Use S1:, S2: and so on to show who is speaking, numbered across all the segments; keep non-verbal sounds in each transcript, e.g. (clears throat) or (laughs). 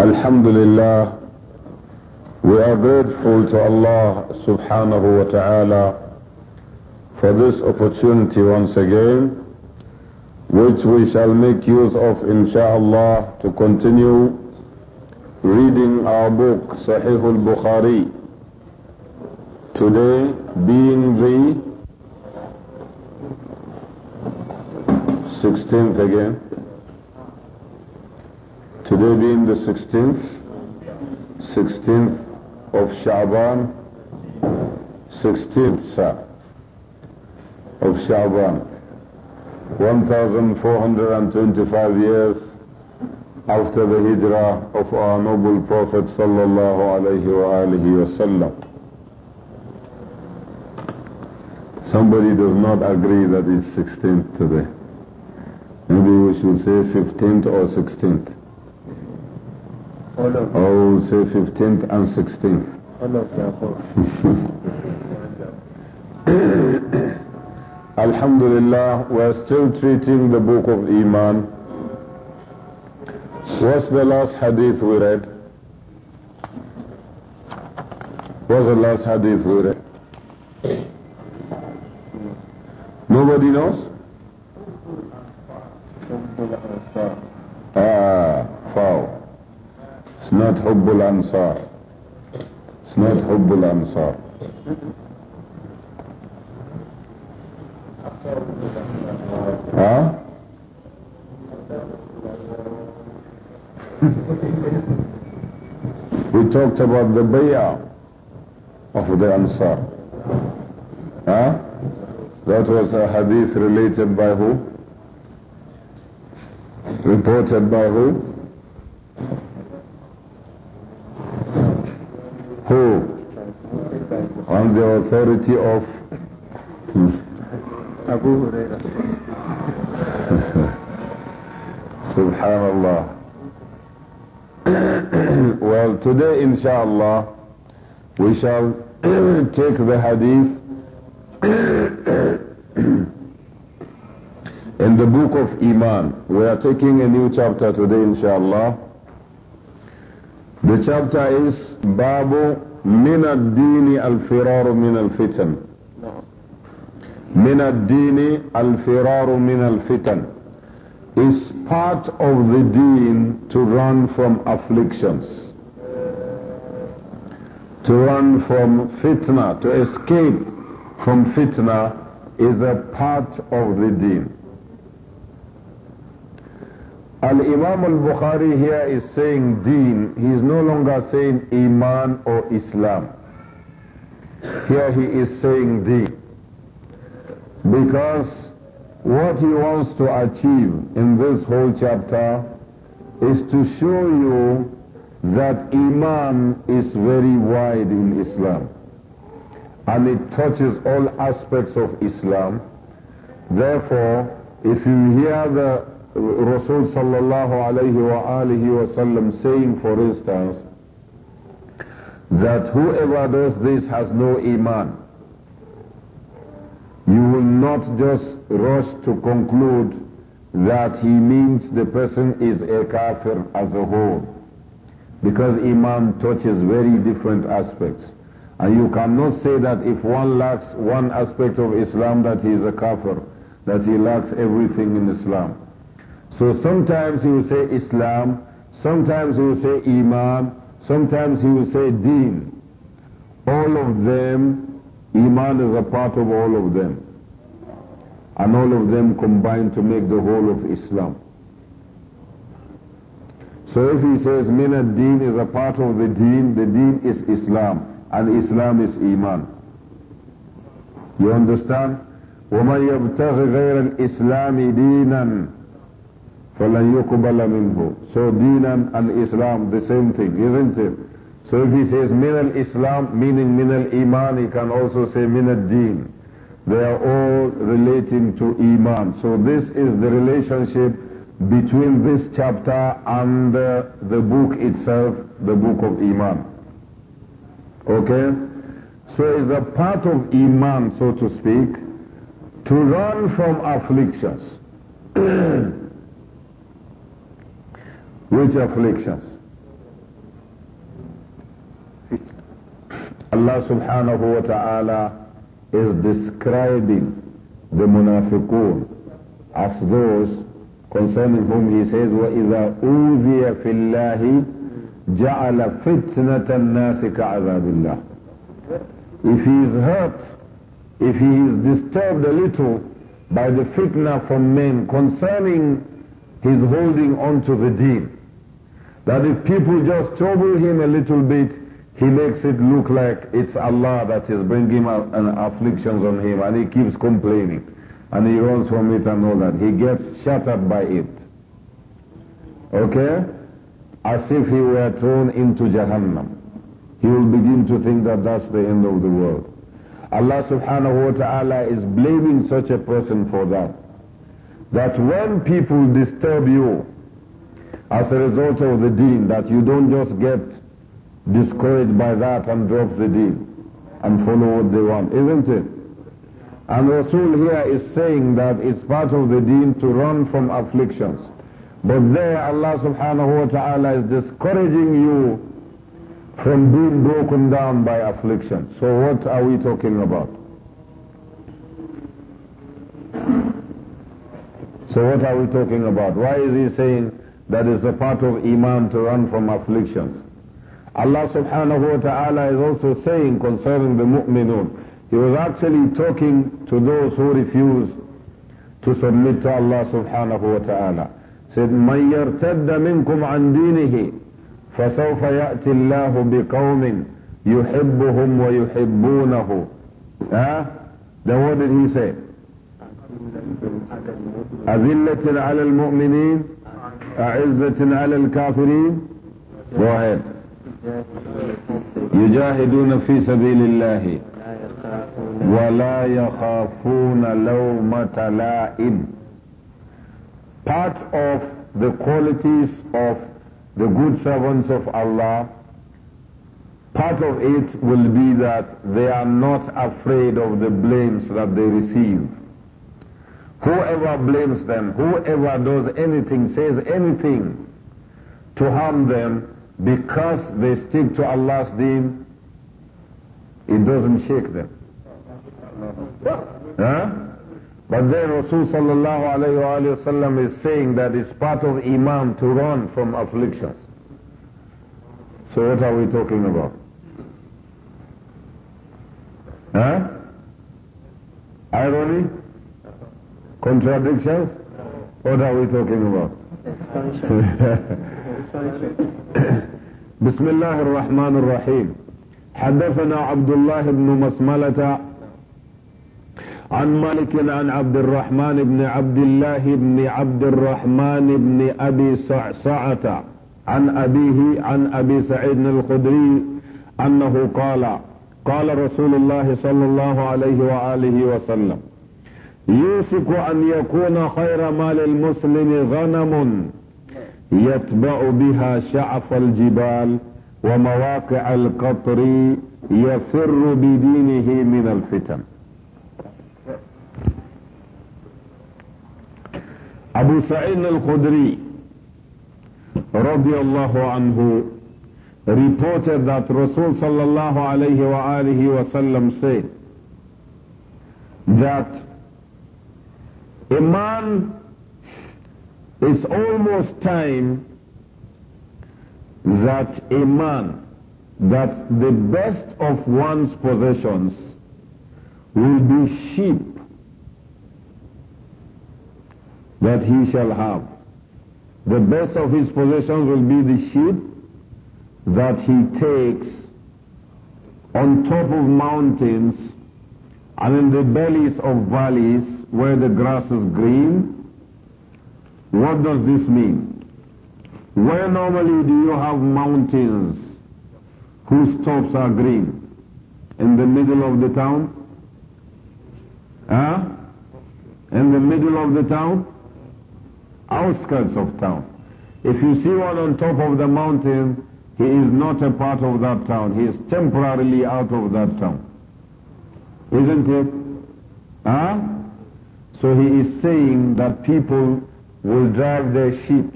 S1: Alhamdulillah, we are grateful to Allah subhanahu wa ta'ala for this opportunity once again, which we shall make use of insha'Allah to continue reading our book Sahih al-Bukhari. Today being the 16th again. Today being the 16th, 16th of Shaban, 16th sir, of Shaban, 1425 years after the hijrah of our noble Prophet sallallahu alaihi wasallam. Somebody does not agree that it's 16th today. Maybe we should say 15th or 16th. Oh, say 15th and 16th. (laughs) Alhamdulillah, we're still treating the book of Iman. What's the last hadith we read? What's the last hadith we read? Nobody knows? Ah, foul. It's not Hubbul Ansar. It's not Hubbul Ansar. Huh? (laughs) we talked about the bay'ah of the Ansar. Huh? That was a hadith related by who? Reported by who? on the authority of (laughs) Abu Huraira. (laughs) Subhanallah. (coughs) well, today, inshallah, we shall (coughs) take the hadith (coughs) in the book of Iman. We are taking a new chapter today, inshallah. The chapter is Babu من الدين الفرار من الفتن من الدين الفرار من الفتن is part of the deen to run from afflictions to run from fitna to escape from fitna is a part of the deen Al-Imam al-Bukhari here is saying deen. He is no longer saying Iman or Islam. Here he is saying deen. Because what he wants to achieve in this whole chapter is to show you that Iman is very wide in Islam. And it touches all aspects of Islam. Therefore, if you hear the Rasul sallallahu alayhi wasallam saying, for instance, that whoever does this has no iman. You will not just rush to conclude that he means the person is a kafir as a whole. Because iman touches very different aspects. And you cannot say that if one lacks one aspect of Islam that he is a kafir, that he lacks everything in Islam. So sometimes he will say Islam, sometimes he will say Imam, sometimes he will say Deen. All of them, Iman is a part of all of them. And all of them combine to make the whole of Islam. So if he says Mina Deen is a part of the Deen, the Deen is Islam, and Islam is Iman. You understand? وَمَنْ يَبْتَغِ غَيْرَ الْإِسْلَامِ دِينًا فَلَنْ يُقْبَلَ مِنْهُ So deen and Islam, the same thing, isn't it? So if he says min al-Islam, meaning min al-Iman, he can also say min al din They are all relating to Iman. So this is the relationship between this chapter and uh, the book itself, the book of Iman. Okay? So it's a part of Iman, so to speak, to run from afflictions. (clears throat) which afflictions? Allah subhanahu wa ta'ala is describing the munafiqun as those concerning whom he says, وَإِذَا أُوذِيَ فِي اللَّهِ جَعَلَ فِتْنَةَ النَّاسِ كَعَذَابِ اللَّهِ If he is hurt, if he is disturbed a little by the fitna from men concerning his holding on to the deen, that if people just trouble him a little bit, he makes it look like it's Allah that is bringing an afflictions on him and he keeps complaining and he runs from it and all that. He gets shattered by it. Okay? As if he were thrown into Jahannam. He will begin to think that that's the end of the world. Allah subhanahu wa ta'ala is blaming such a person for that. That when people disturb you, as a result of the deen, that you don't just get discouraged by that and drop the deen and follow what they want, isn't it? And Rasul here is saying that it's part of the deen to run from afflictions. But there Allah subhanahu wa ta'ala is discouraging you from being broken down by affliction. So what are we talking about? So what are we talking about? Why is he saying that is the part of Iman to run from afflictions. Allah subhanahu wa ta'ala is also saying concerning the mu'minun, He was actually talking to those who refuse to submit to Allah subhanahu wa ta'ala. Said, من يرتد منكم عن دينه فسوف يأتي الله بقوم يحبهم ويحبونه. Huh? Then what did he say? أذلة على المؤمنين أعزة على الكافرين يجاهدون في سبيل الله ولا يخافون لومة لائم Part of the qualities of the good servants of Allah Part of it will be that they are not afraid of the blames that they receive. Whoever blames them, whoever does anything, says anything to harm them because they stick to Allah's deen, it doesn't shake them. huh? But then Rasul sallallahu alayhi wa is saying that it's part of Iman to run from afflictions. So what are we talking about? Huh? Irony? Contradictions? What are we talking about? بسم الله الرحمن الرحيم حدثنا عبد الله بن مسملة عن مالك عن عبد الرحمن بن عبد الله بن عبد الرحمن بن أبي صعصعة عن أبيه عن أبي سعيد الخدري أنه قال قال رسول الله صلى الله عليه وآله وسلم يوشك أن يكون خير مال المسلم غنم يتبع بها شعف الجبال ومواقع القطر يفر بدينه من الفتن أبو سعيد الخدري رضي الله عنه reported that Rasul sallallahu alayhi wa alihi sallam said that a man, it's almost time that a man, that the best of one's possessions will be sheep that he shall have. The best of his possessions will be the sheep that he takes on top of mountains and in the bellies of valleys where the grass is green. What does this mean? Where normally do you have mountains whose tops are green? In the middle of the town? Huh? In the middle of the town? Outskirts of town. If you see one on top of the mountain, he is not a part of that town. He is temporarily out of that town. Isn't it? Huh? So he is saying that people will drive their sheep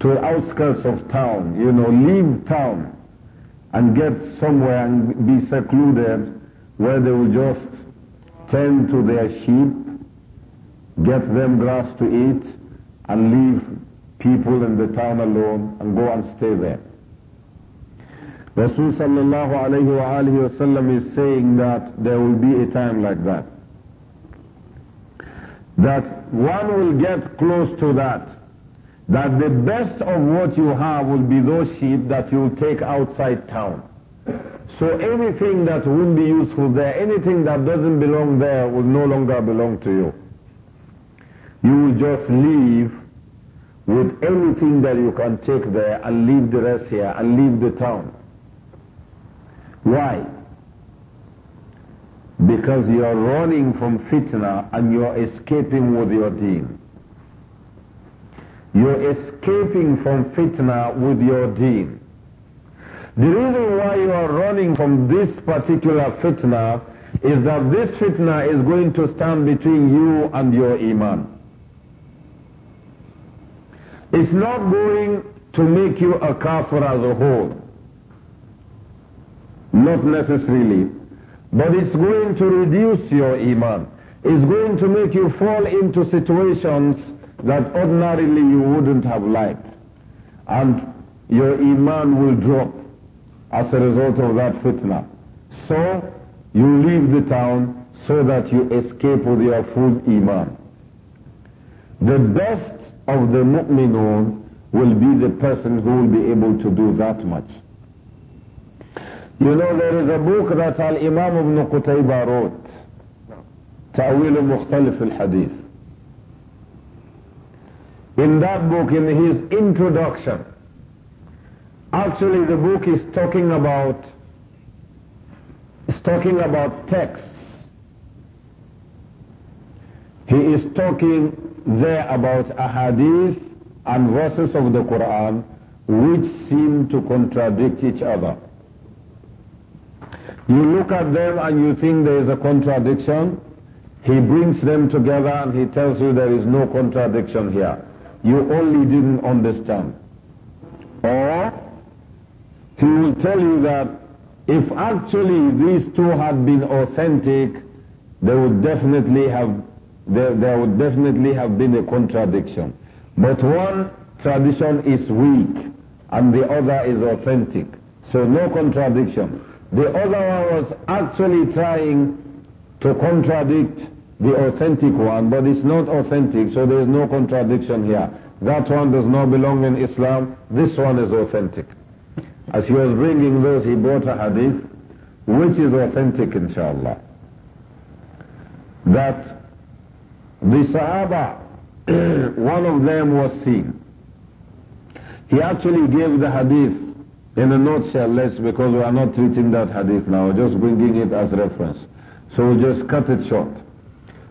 S1: to the outskirts of town, you know, leave town and get somewhere and be secluded where they will just tend to their sheep, get them grass to eat, and leave people in the town alone and go and stay there. Rasul sallallahu alayhi wa alayhi is saying that there will be a time like that. That one will get close to that. That the best of what you have will be those sheep that you will take outside town. So anything that won't be useful there, anything that doesn't belong there will no longer belong to you. You will just leave with anything that you can take there and leave the rest here and leave the town. Why? Because you're running from fitna and you're escaping with your deen. You're escaping from fitna with your deen. The reason why you are running from this particular fitna is that this fitna is going to stand between you and your iman. It's not going to make you a kafir as a whole. Not necessarily. But it's going to reduce your iman. It's going to make you fall into situations that ordinarily you wouldn't have liked. And your iman will drop as a result of that fitna. So you leave the town so that you escape with your full iman. The best of the mu'minun will be the person who will be able to do that much. You know there is a book that Al-Imam ibn Qutaybah wrote, Ta'wil Mukhtalif al-Hadith. In that book, in his introduction, actually the book is talking about, is talking about texts. He is talking there about ahadith and verses of the Quran which seem to contradict each other. You look at them and you think there is a contradiction. He brings them together and he tells you there is no contradiction here. You only didn't understand. Or he will tell you that if actually these two had been authentic, there would definitely have there, there would definitely have been a contradiction. But one tradition is weak and the other is authentic. So no contradiction. The other one was actually trying to contradict the authentic one, but it's not authentic, so there is no contradiction here. That one does not belong in Islam. This one is authentic. As he was bringing those, he brought a hadith, which is authentic, inshallah. That the Sahaba, (clears throat) one of them was seen. He actually gave the hadith in a nutshell, let's, because we are not treating that hadith now, just bringing it as reference. So we'll just cut it short.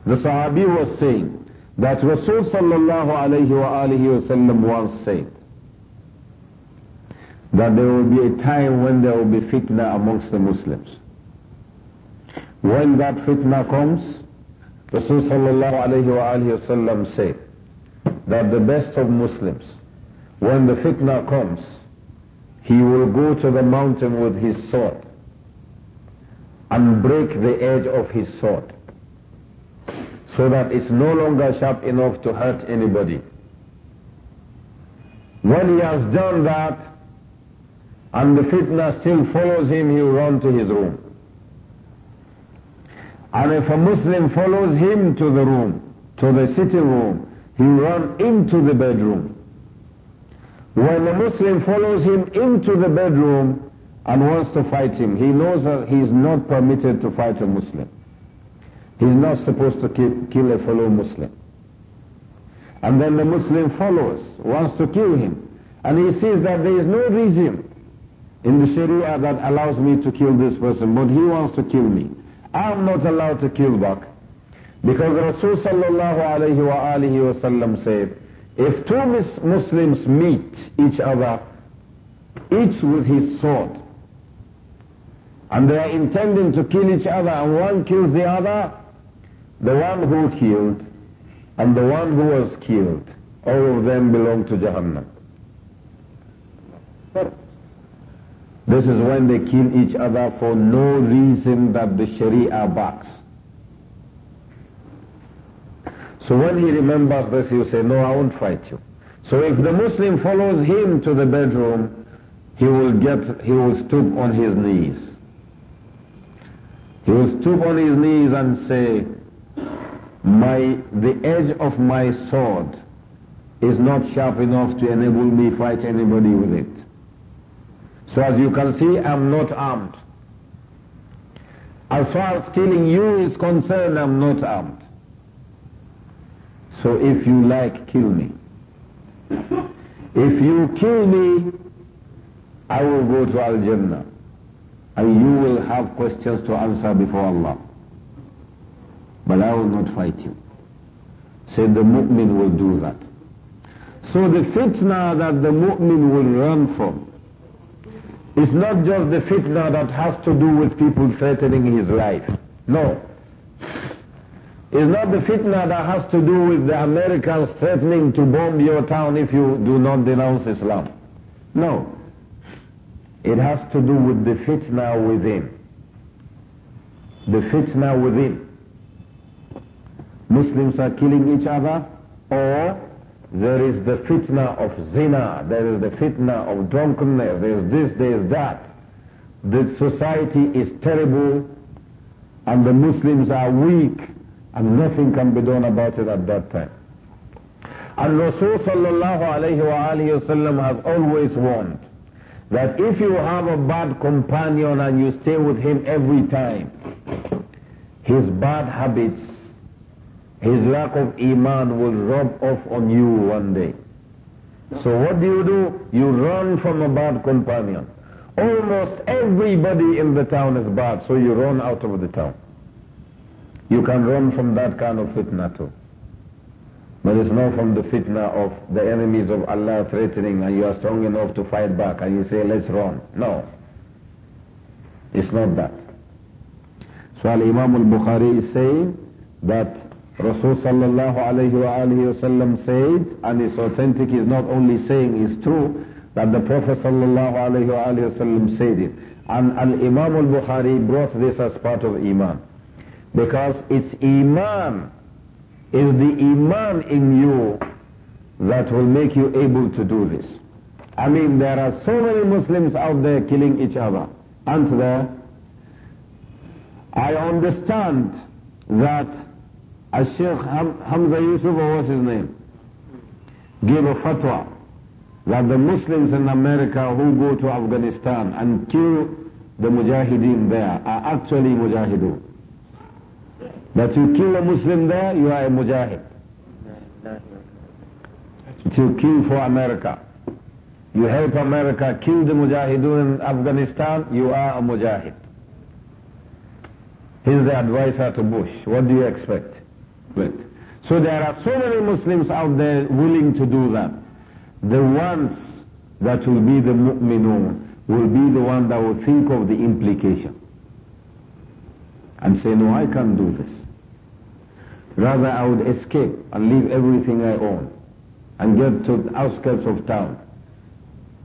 S1: The Sahabi was saying that Rasul sallallahu alayhi wa alihi wasallam once said that there will be a time when there will be fitna amongst the Muslims. When that fitna comes, Rasul sallallahu alayhi wa alihi wasallam said that the best of Muslims, when the fitna comes, he will go to the mountain with his sword and break the edge of his sword so that it's no longer sharp enough to hurt anybody. When he has done that and the fitna still follows him, he'll run to his room. And if a Muslim follows him to the room, to the sitting room, he'll run into the bedroom. When the Muslim follows him into the bedroom and wants to fight him, he knows that he is not permitted to fight a Muslim. He's not supposed to kill, kill a fellow Muslim. And then the Muslim follows, wants to kill him. And he sees that there is no reason in the Sharia that allows me to kill this person, but he wants to kill me. I'm not allowed to kill back. Because Rasulullah sallallahu alayhi wa alihi wa sallam said, if two Muslims meet each other, each with his sword, and they are intending to kill each other, and one kills the other, the one who killed and the one who was killed, all of them belong to Jahannam. This is when they kill each other for no reason that the Sharia backs. So when he remembers this, he'll say, no, I won't fight you. So if the Muslim follows him to the bedroom, he will get, he will stoop on his knees. He will stoop on his knees and say, my, the edge of my sword is not sharp enough to enable me fight anybody with it. So as you can see, I'm not armed. As far as killing you is concerned, I'm not armed. So if you like, kill me. If you kill me, I will go to Al-Jannah and you will have questions to answer before Allah. But I will not fight you. Said the mu'min will do that. So the fitna that the mu'min will run from is not just the fitna that has to do with people threatening his life. No. Is not the fitna that has to do with the Americans threatening to bomb your town if you do not denounce Islam. No. It has to do with the fitna within. The fitna within. Muslims are killing each other or there is the fitna of zina, there is the fitna of drunkenness, there is this, there is that. The society is terrible and the Muslims are weak and nothing can be done about it at that time. And Rasul sallallahu alayhi wa alayhi wasallam has always warned that if you have a bad companion and you stay with him every time, his bad habits, his lack of iman will rub off on you one day. So what do you do? You run from a bad companion. Almost everybody in the town is bad, so you run out of the town. You can run from that kind of fitna too. But it's not from the fitna of the enemies of Allah threatening and you are strong enough to fight back and you say, let's run. No. It's not that. So Imam al-Bukhari is saying that Rasul sallallahu alayhi wa alayhi wasallam said, and it's authentic, he's not only saying it's true, that the Prophet sallallahu alayhi wa alayhi wasallam said it. And al-Imam al-Bukhari brought this as part of Iman. Because it's Iman, is the Iman in you that will make you able to do this. I mean, there are so many Muslims out there killing each other, aren't there? I understand that as Sheikh Ham Hamza Yusuf, or what's his name, gave a fatwa that the Muslims in America who go to Afghanistan and kill the Mujahideen there are actually Mujahideen. That you kill a Muslim there, you are a mujahid. That you kill for America. You help America kill the mujahideen in Afghanistan, you are a mujahid. He's the advisor to Bush. What do you expect? But, so there are so many Muslims out there willing to do that. The ones that will be the mu'minun will be the one that will think of the implication and say, no, I can't do this. Rather, I would escape and leave everything I own and get to the outskirts of town.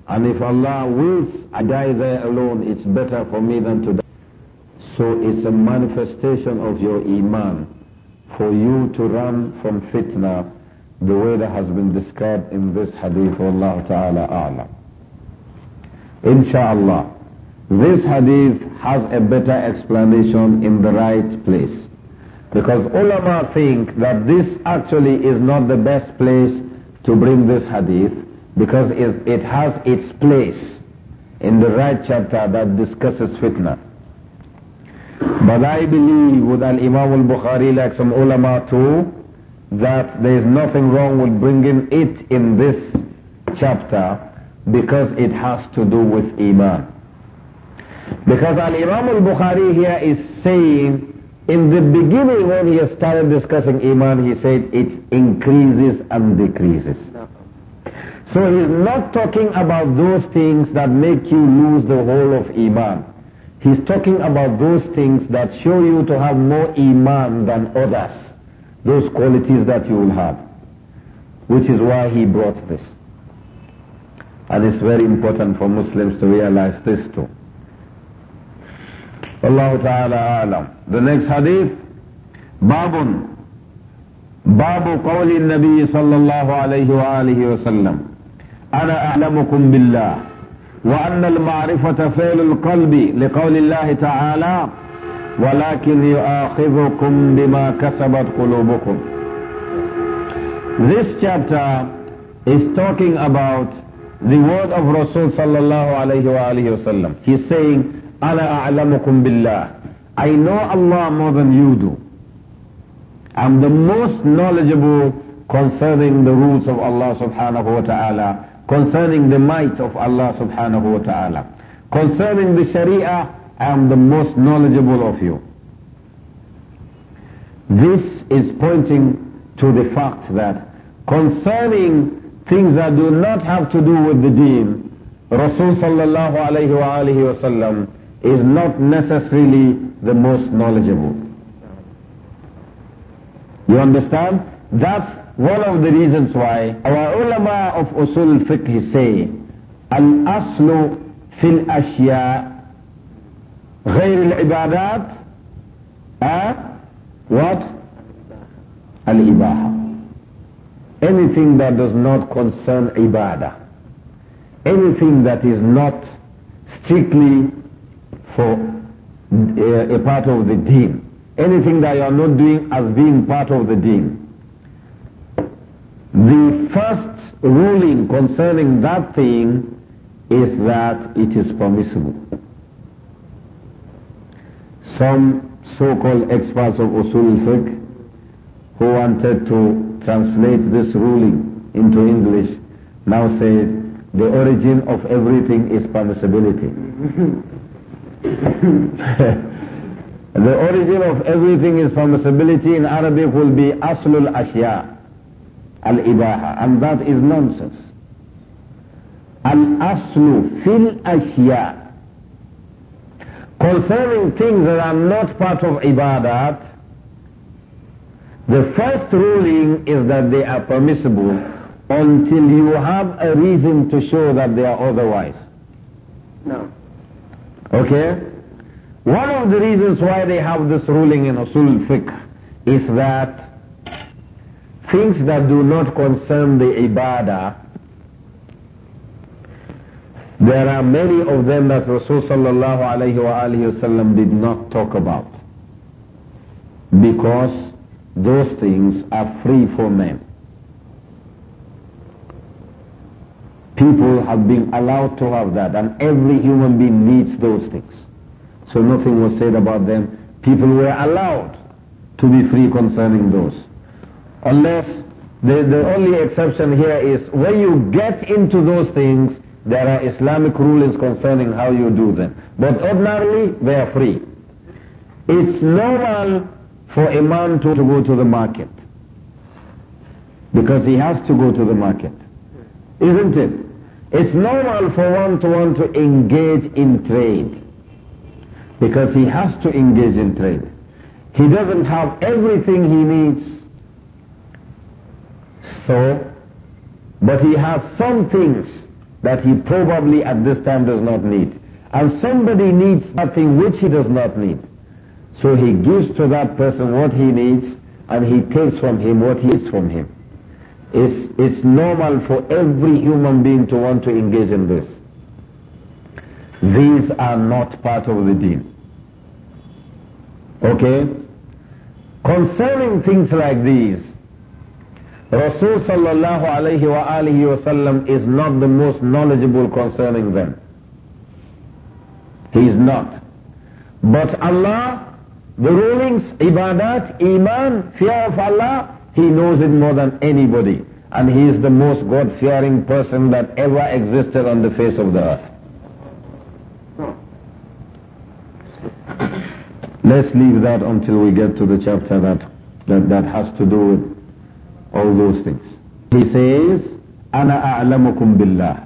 S1: And if Allah wills, I die there alone. It's better for me than to die. So it's a manifestation of your Iman for you to run from fitna the way that has been described in this hadith. of Allah ta'ala a'lam. Insha'Allah. This hadith has a better explanation in the right place. Because ulama think that this actually is not the best place to bring this hadith because it has its place in the right chapter that discusses fitna. But I believe with an imam al-Bukhari like some ulama too that there is nothing wrong with bringing it in this chapter because it has to do with Iman. Because Al-Imam al-Bukhari here is saying in the beginning, when he started discussing Iman, he said it increases and decreases. So he's not talking about those things that make you lose the whole of Iman. He's talking about those things that show you to have more Iman than others. Those qualities that you will have. Which is why he brought this. And it's very important for Muslims to realize this too. والله تعالى أعلم The next hadith باب باب قول النبي صلى الله عليه وآله وسلم أنا أعلمكم بالله وأن المعرفة فعل القلب لقول الله تعالى ولكن يؤاخذكم بما كسبت قلوبكم This chapter is talking about the word of Rasul sallallahu alayhi wa alayhi wa sallam. He's saying I know Allah more than you do I'm the most knowledgeable concerning the rules of Allah subhanahu wa ta'ala concerning the might of Allah subhanahu wa ta'ala concerning the sharia I am the most knowledgeable of you this is pointing to the fact that concerning things that do not have to do with the deen Rasul sallallahu alayhi wa alihi wa sallam is not necessarily the most knowledgeable. You understand? That's one of the reasons why our ulama of usul fiqh say, al-aslu fil ashya غير ibadat uh, eh? what al-ibaha anything that does not concern ibadah anything that is not strictly for eh, a part of the deen. Anything that you are not doing as being part of the deen. The first ruling concerning that thing is that it is permissible. Some so-called experts of Usul fiqh who wanted to translate this ruling into English now said the origin of everything is permissibility. (laughs) (coughs) the origin of everything is permissibility in Arabic will be aslul ashya, al-ibaha, and that is nonsense. Al-aslu fil ashya. Concerning things that are not part of ibadat, the first ruling is that they are permissible until you have a reason to show that they are otherwise. No. Okay? One of the reasons why they have this ruling in Usul fiqh is that things that do not concern the ibadah, there are many of them that Rasulullah sallallahu did not talk about because those things are free for men. People have been allowed to have that, and every human being needs those things. So nothing was said about them. People were allowed to be free concerning those. Unless the, the only exception here is when you get into those things, there are Islamic rulings concerning how you do them. But ordinarily, they are free. It's normal for a man to, to go to the market because he has to go to the market, isn't it? It's normal for one to want to engage in trade because he has to engage in trade. He doesn't have everything he needs, so, but he has some things that he probably at this time does not need. And somebody needs something which he does not need. So he gives to that person what he needs and he takes from him what he needs from him. It's, it's normal for every human being to want to engage in this. These are not part of the deen. Okay? Concerning things like these, Rasul sallallahu alayhi wa alihi is not the most knowledgeable concerning them. He is not. But Allah, the rulings, ibadat, iman, fear of Allah, he knows it more than anybody. And he is the most God-fearing person that ever existed on the face of the earth. Let's leave that until we get to the chapter that, that, that has to do with all those things. He says, أَنَا أَعْلَمُكُمْ بِاللَّهِ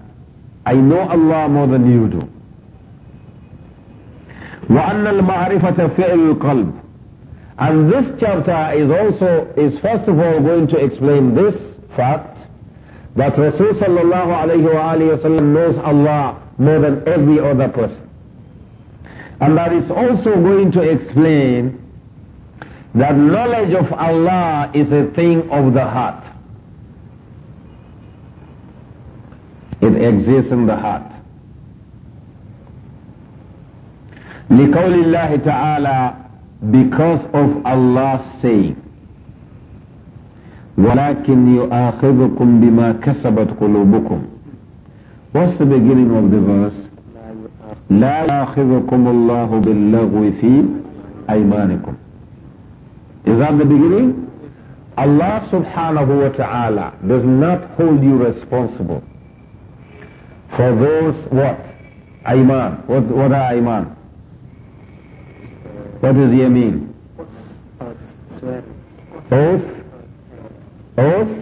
S1: I know Allah more than you do. وأن المعرفة فعل القلب and this chapter is also, is first of all going to explain this fact that Rasul sallallahu alayhi wa knows Allah more than every other person. And that is also going to explain that knowledge of Allah is a thing of the heart. It exists in the heart. لقول الله تعالى because of Allah's saying ولكن يؤاخذكم بما كسبت قلوبكم What's the beginning of the verse? لا يؤاخذكم الله باللغو في أيمانكم Is that the beginning? Allah subhanahu wa ta'ala does not hold you responsible for those what? aiman. What, what are Iman? What does mean? Oath. Oath.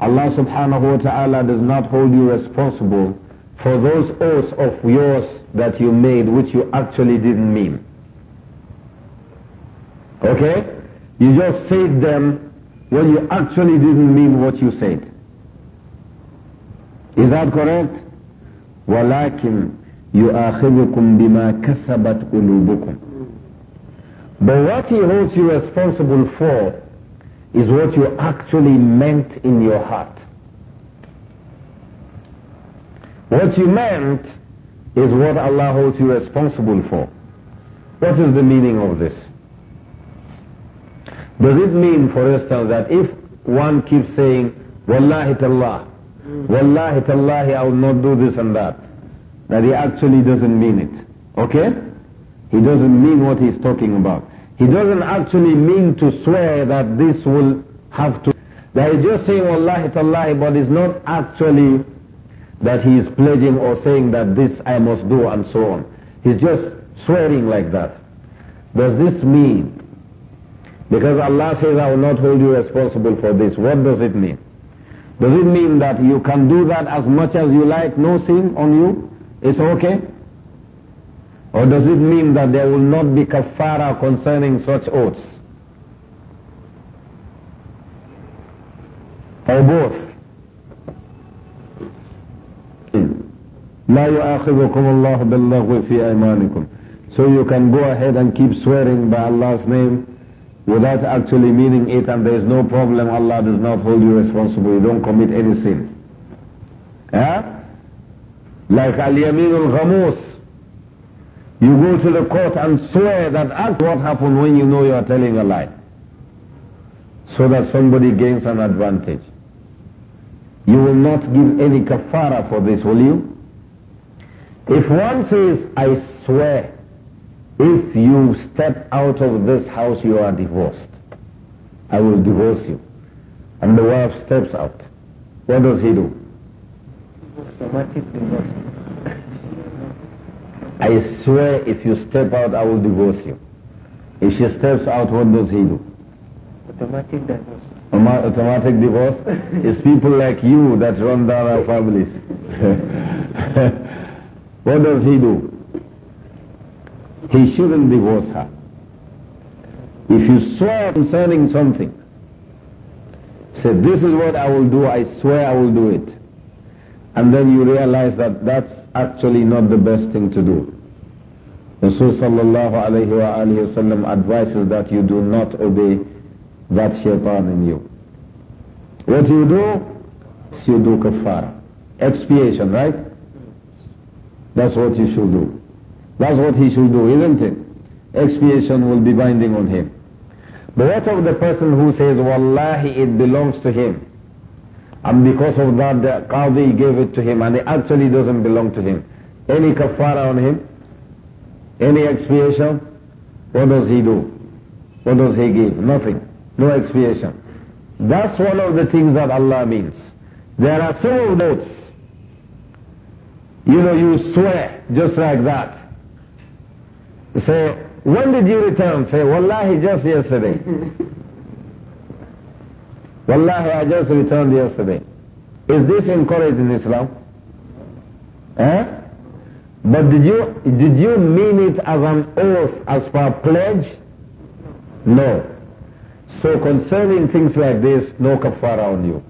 S1: Allah subhanahu wa ta'ala does not hold you responsible for those oaths of yours that you made which you actually didn't mean. Okay? You just said them when you actually didn't mean what you said. Is that correct? وَلَكِنْ يُؤَاخِذُكُمْ بِمَا كَسَبَتْ قُلُوبُكُمْ but what he holds you responsible for is what you actually meant in your heart. What you meant is what Allah holds you responsible for. What is the meaning of this? Does it mean, for instance, that if one keeps saying, Wallahi tallah, Wallahi tallahi, I will not do this and that, that he actually doesn't mean it? Okay? He doesn't mean what he's talking about. He doesn't actually mean to swear that this will have to. They're just saying Wallahi Tallahi, but it's not actually that he is pledging or saying that this I must do and so on. He's just swearing like that. Does this mean? Because Allah says, I will not hold you responsible for this. What does it mean? Does it mean that you can do that as much as you like, no sin on you? It's okay? Or does it mean that there will not be kafara concerning such oaths? Or both? لا يؤاخذكم الله باللغو في أيمانكم So you can go ahead and keep swearing by Allah's name without actually meaning it and there is no problem. Allah does not hold you responsible. You don't commit any sin. Yeah? Like al-yamin al-ghamus. You go to the court and swear that act what happened when you know you are telling a lie. So that somebody gains an advantage. You will not give any kafara for this, will you? If one says, I swear, if you step out of this house, you are divorced. I will divorce you. And the wife steps out. What does he do? Automatic divorce. I swear if you step out, I will divorce you. If she steps out, what does he do? Automatic divorce. Automatic divorce? (laughs) it's people like you that run down our families. (laughs) what does he do? He shouldn't divorce her. If you swear concerning something, say, this is what I will do, I swear I will do it. And then you realize that that's actually not the best thing to do. Rasul sallallahu alayhi wa alayhi wasallam advises that you do not obey that shaitan in you. What you do is you do kafara. Expiation, right? That's what you should do. That's what he should do, isn't it? Expiation will be binding on him. But what of the person who says, Wallahi, it belongs to him? And because of that, the Qadi gave it to him and it actually doesn't belong to him. Any kafara on him? Any expiation? What does he do? What does he give? Nothing. No expiation. That's one of the things that Allah means. There are several notes. You know, you swear just like that. Say, when did you return? Say, Wallahi, just yesterday. (laughs) Wallahi, I just returned yesterday. Is this encouraged in Islam? Eh? But did you, did you mean it as an oath, as per pledge? No. So concerning things like this, no kafara on you.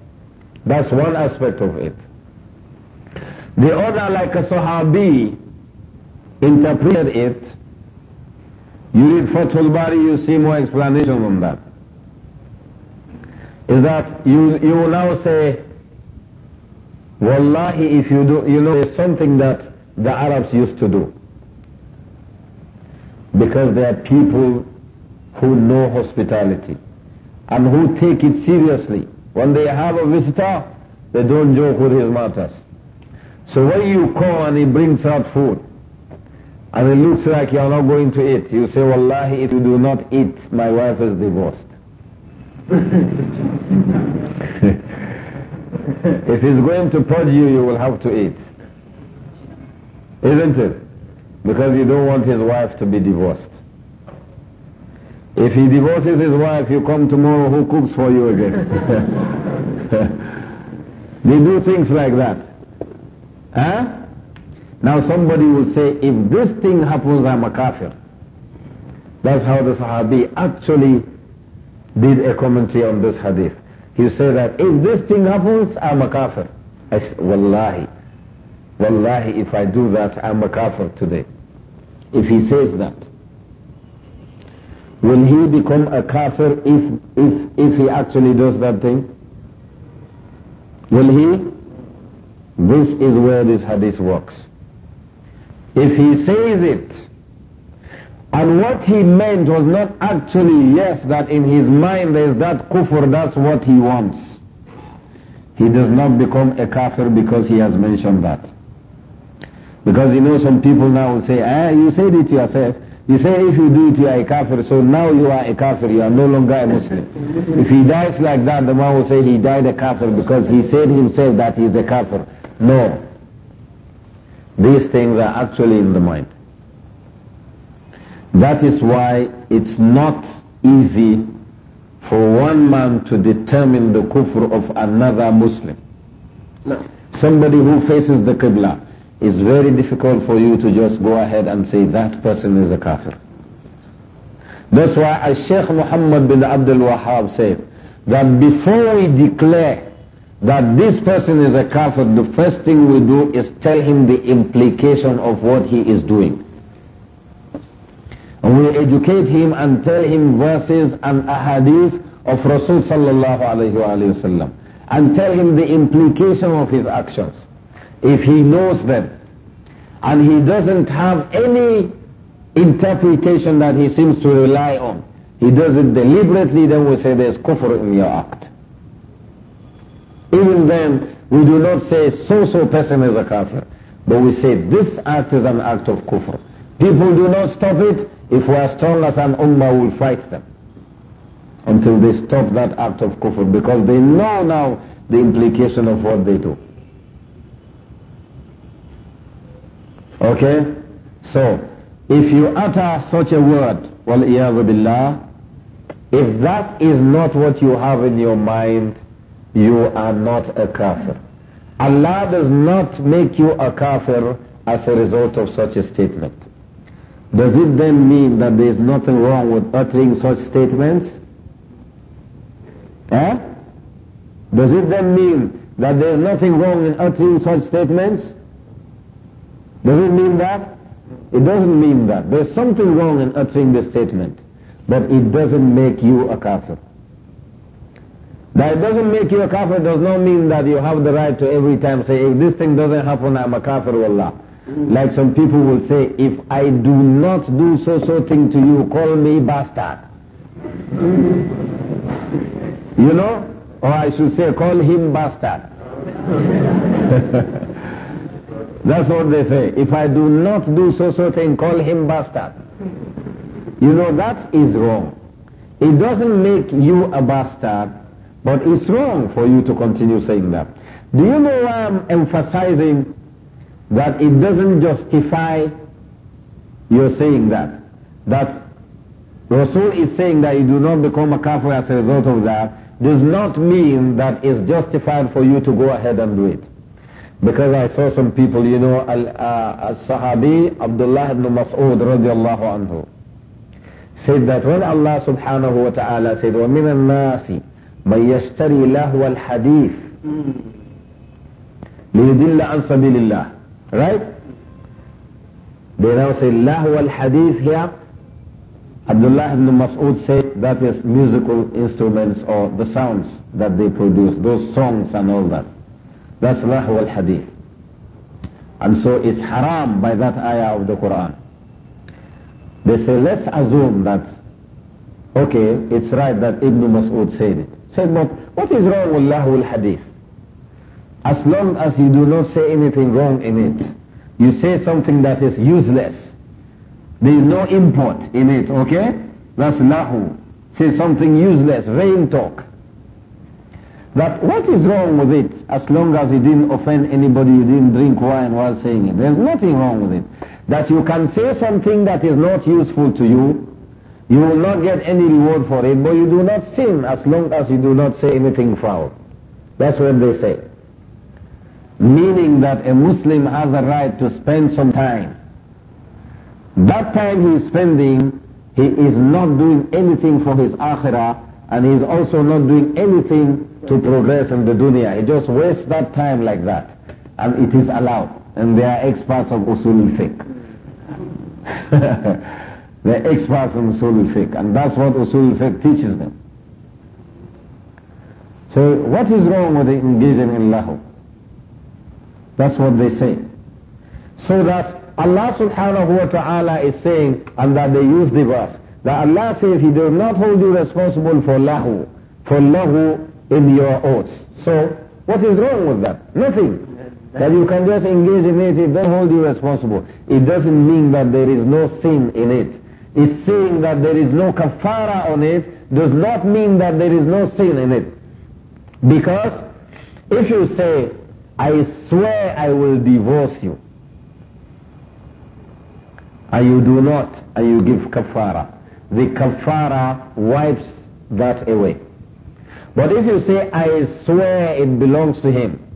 S1: That's one aspect of it. The other, like a sahabi, interpreted it. You read Fathul Bari, you see more explanation on that is that you, you will now say, Wallahi, if you do, you know, it's something that the Arabs used to do. Because they are people who know hospitality and who take it seriously. When they have a visitor, they don't joke with his matters. So when you call and he brings out food, and it looks like you are not going to eat, you say, Wallahi, if you do not eat, my wife is divorced. (laughs) (laughs) if he's going to purge you, you will have to eat. Isn't it? Because you don't want his wife to be divorced. If he divorces his wife, you come tomorrow, who cooks for you again? they (laughs) do things like that. Huh? Now somebody will say, if this thing happens, I'm a kafir. That's how the Sahabi actually did a commentary on this hadith. You say that if this thing happens, I'm a kafir. I say, Wallahi, Wallahi, if I do that, I'm a kafir today. If he says that, will he become a kafir if, if, if he actually does that thing? Will he? This is where this hadith works. If he says it, and what he meant was not actually, yes, that in his mind there is that kufr, that's what he wants. He does not become a kafir because he has mentioned that. Because you know some people now will say, ah, you said it yourself. You say if you do it you are a kafir, so now you are a kafir, you are no longer a Muslim. if he dies like that, the man will say he died a kafir because he said himself that he is a kafir. No. These things are actually in the mind. That is why it's not easy for one man to determine the kufr of another Muslim. No. Somebody who faces the Qibla, it's very difficult for you to just go ahead and say that person is a kafir. That's why as Sheikh Muhammad bin Abdul Wahab said, that before we declare that this person is a kafir, the first thing we do is tell him the implication of what he is doing. And we educate him and tell him verses and ahadith of Rasul sallallahu alayhi And tell him the implication of his actions. If he knows them and he doesn't have any interpretation that he seems to rely on, he does it deliberately, then we say there's kufr in your act. Even then, we do not say so-so person is a kafir, but we say this act is an act of kufr. People do not stop it. If we are strong as an ummah, we'll fight them until they stop that act of kufr because they know now the implication of what they do. Okay? So, if you utter such a word, وَالْإِيَاذُ if that is not what you have in your mind, you are not a kafir. Allah does not make you a kafir as a result of such a statement. Does it then mean that there is nothing wrong with uttering such statements? Eh? Does it then mean that there is nothing wrong in uttering such statements? Does it mean that? It doesn't mean that. There's something wrong in uttering this statement, but it doesn't make you a kafir. That it doesn't make you a kafir does not mean that you have the right to every time say, if this thing doesn't happen, I'm a kafir, wallah. Like some people will say, if I do not do so-so thing to you, call me bastard. you know? Or I should say, call him bastard. (laughs) That's what they say. If I do not do so-so thing, call him bastard. You know, that is wrong. It doesn't make you a bastard, but it's wrong for you to continue saying that. Do you know why I'm emphasizing that it doesn't justify your saying that. That Rasul is saying that you do not become a kafir as a result of that does not mean that it's justified for you to go ahead and do it. Because I saw some people, you know, Al-Sahabi uh, Abdullah ibn Mas'ud radiallahu anhu said that when Allah subhanahu wa ta'ala said, وَمِنَ النَّاسِ مَنْ يَشْتَرِي لَهْوَ الْحَدِيثِ لِيُدِلَّ عَنْ سَبِيلِ اللَّهِ Right? They now say, Lahu al-Hadith here. Abdullah ibn Mas'ud said that is musical instruments or the sounds that they produce, those songs and all that. That's Lahu al-Hadith. And so it's haram by that ayah of the Quran. They say, let's assume that, okay, it's right that Ibn Mas'ud said it. Said, but what is wrong with Lahu al-Hadith? as long as you do not say anything wrong in it. You say something that is useless. There is no import in it, okay? That's lahu. Say something useless, vain talk. That what is wrong with it as long as you didn't offend anybody, you didn't drink wine while saying it. There's nothing wrong with it. That you can say something that is not useful to you, you will not get any reward for it, but you do not sin as long as you do not say anything foul. That's what they say meaning that a Muslim has a right to spend some time. That time he is spending, he is not doing anything for his akhirah and he is also not doing anything to progress in the dunya. He just wastes that time like that. And it is allowed. And they are experts of usul fiqh (laughs) They're experts of usul fiqh And that's what usul fiqh teaches them. So what is wrong with engaging in lahu? That's what they say. So that Allah subhanahu wa ta'ala is saying, and that they use the verse, that Allah says He does not hold you responsible for lahu, for lahu in your oaths. So what is wrong with that? Nothing. That you can just engage in it, it doesn't hold you responsible. It doesn't mean that there is no sin in it. It's saying that there is no kafara on it does not mean that there is no sin in it. Because if you say, I swear I will divorce you. And you do not, and you give kafara. The kafara wipes that away. But if you say, I swear it belongs to him,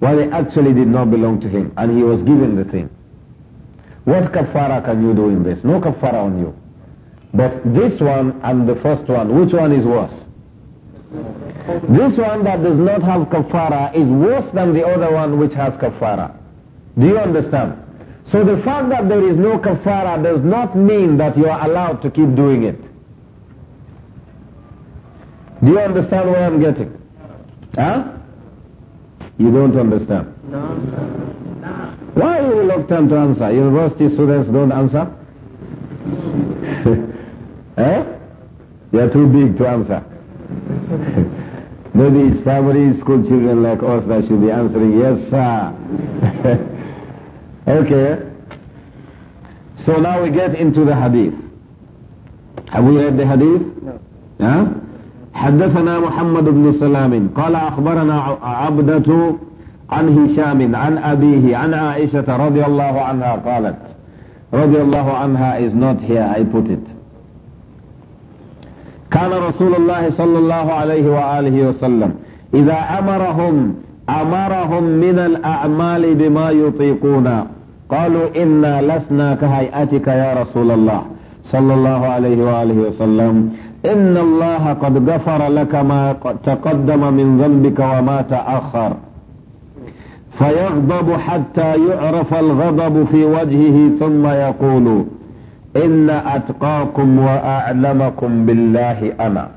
S1: well, it actually did not belong to him, and he was given the thing. What kafara can you do in this? No kafara on you. But this one and the first one, which one is worse? This one that does not have kafara is worse than the other one which has kafara. Do you understand? So the fact that there is no kafara does not mean that you are allowed to keep doing it. Do you understand where I'm getting? Huh? You don't understand? No. Why are you reluctant to answer? University students don't answer? (laughs) eh? You're too big to answer. (laughs) Maybe it's primary school children like us that should be answering, yes, sir. (laughs) okay. So now we get into the hadith. Have we read the hadith? No. Huh? حدثنا محمد بن سلام قال أخبرنا عبدة عن هشام عن أبيه عن عائشة رضي الله عنها قالت رضي الله عنها is not here I put it كان رسول الله صلى الله عليه وآله وسلم إذا أمرهم أمرهم من الأعمال بما يطيقون قالوا إنا لسنا كهيئتك يا رسول الله صلى الله عليه وآله وسلم إن الله قد غفر لك ما تقدم من ذنبك وما تأخر فيغضب حتى يعرف الغضب في وجهه ثم يقول إِنَّ أتقاكم وأعلمكم بالله أنا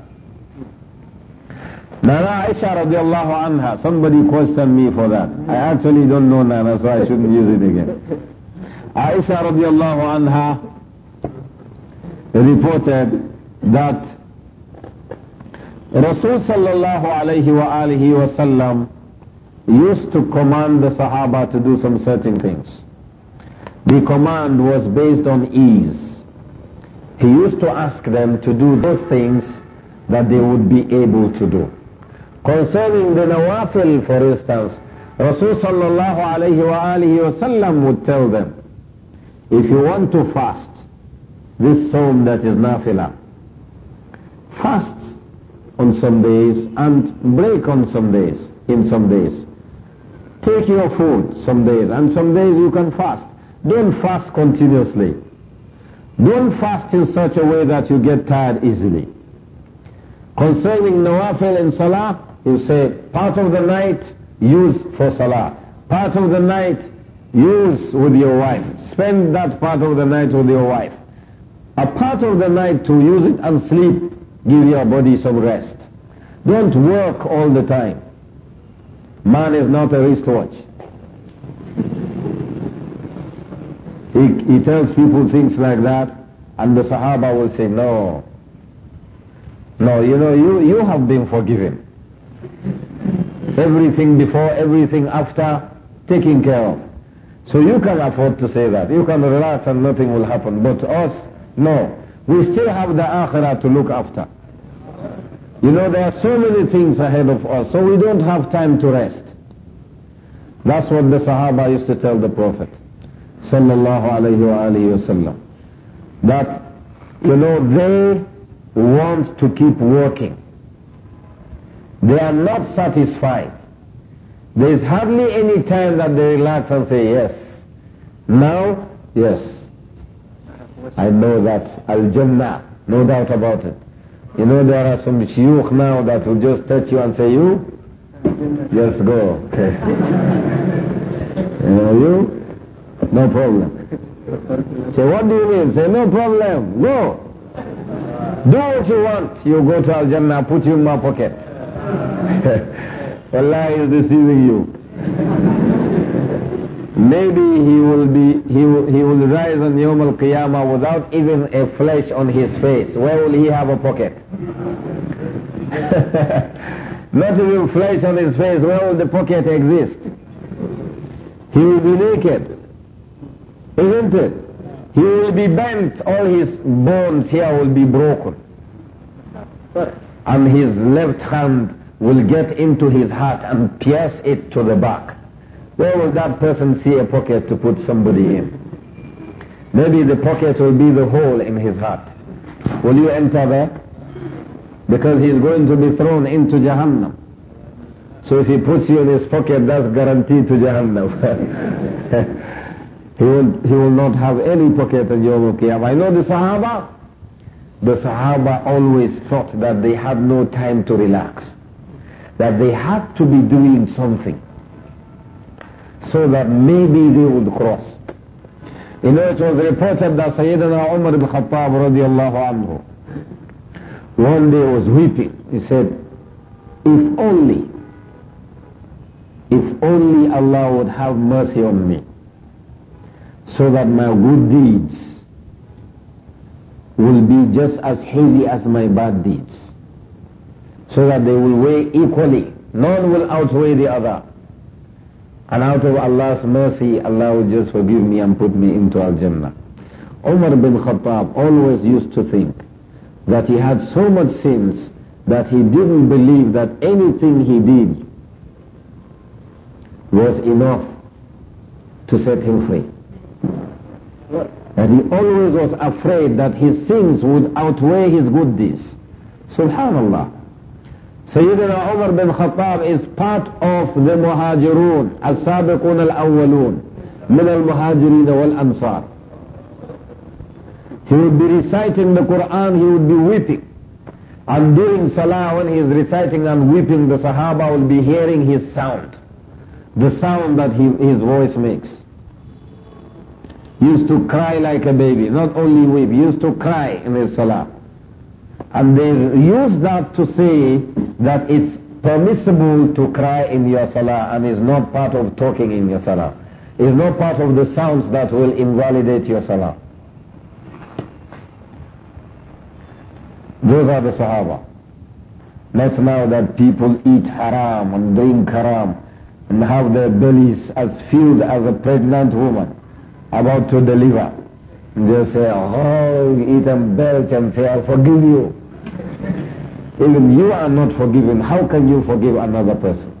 S1: Nana رَضِيَ اللَّهُ anha, somebody questioned me for that. I actually don't know Nana, so I shouldn't use it again. رضي الله anha reported that Rasul sallallahu alayhi wa alihi wa sallam used to command the Sahaba to do some certain things. The command was based on ease. He used to ask them to do those things that they would be able to do. Concerning the nawafil, for instance, Rasul sallallahu alayhi wa alihi wasallam would tell them, if you want to fast, this psalm that is nafila, fast on some days and break on some days, in some days. Take your food some days and some days you can fast. Don't fast continuously. Don't fast in such a way that you get tired easily. Concerning nawafil in salah, you say part of the night use for salah. Part of the night use with your wife. Spend that part of the night with your wife. A part of the night to use it and sleep. Give your body some rest. Don't work all the time. Man is not a wristwatch. He, he tells people things like that, and the Sahaba will say, no, no, you know, you, you have been forgiven. Everything before, everything after, taken care of. So you can afford to say that. You can relax and nothing will happen. But us, no. We still have the akhirah to look after. You know, there are so many things ahead of us, so we don't have time to rest. That's what the Sahaba used to tell the Prophet sallallahu alayhi wa alayhi that, you know, they want to keep working. They are not satisfied. There is hardly any time that they relax and say, yes. Now, yes. I know that. Al-Jannah, no doubt about it. You know there are some shiyukh now that will just touch you and say, you? Yes, go. Okay. (laughs) you know, you? No problem. Say, what do you mean? Say, no problem. Go. Do what you want. You go to Al Jannah, put you in my pocket. (laughs) Allah is deceiving you. Maybe he will be he will, he will rise on Yom al Qiyamah without even a flesh on his face. Where will he have a pocket? (laughs) Not even flesh on his face. Where will the pocket exist? He will be naked. Isn't it? He will be bent, all his bones here will be broken. And his left hand will get into his heart and pierce it to the back. Where will that person see a pocket to put somebody in? Maybe the pocket will be the hole in his heart. Will you enter there? Because he is going to be thrown into Jahannam. So if he puts you in his pocket, that's guaranteed to Jahannam. (laughs) He will, he will not have any pocket on Yom Qiyamah. I know the Sahaba. The Sahaba always thought that they had no time to relax. That they had to be doing something. So that maybe they would cross. You know, it was reported that Sayyidina Umar ibn Khattab radiallahu anhu one day was weeping. He said, if only, if only Allah would have mercy on me so that my good deeds will be just as heavy as my bad deeds, so that they will weigh equally. None will outweigh the other. And out of Allah's mercy, Allah will just forgive me and put me into Al-Jannah. Umar bin Khattab always used to think that he had so much sins that he didn't believe that anything he did was enough to set him free. That he always was afraid that his sins would outweigh his good deeds. Subhanallah. Sayyidina Umar bin Khattab is part of the Muhajirun, min al من المهاجرين والأنصار. He would be reciting the Quran, he would be weeping. And during Salah, when he is reciting and weeping, the Sahaba will be hearing his sound, the sound that he, his voice makes used to cry like a baby, not only weep, used to cry in their salah. And they use that to say that it's permissible to cry in your salah and is not part of talking in your salah, is not part of the sounds that will invalidate your salah. Those are the Sahaba. Let's now that people eat haram and drink haram and have their bellies as filled as a pregnant woman about to deliver. Just say, oh, eat and belch and say, I forgive you. Even you are not forgiven. How can you forgive another person?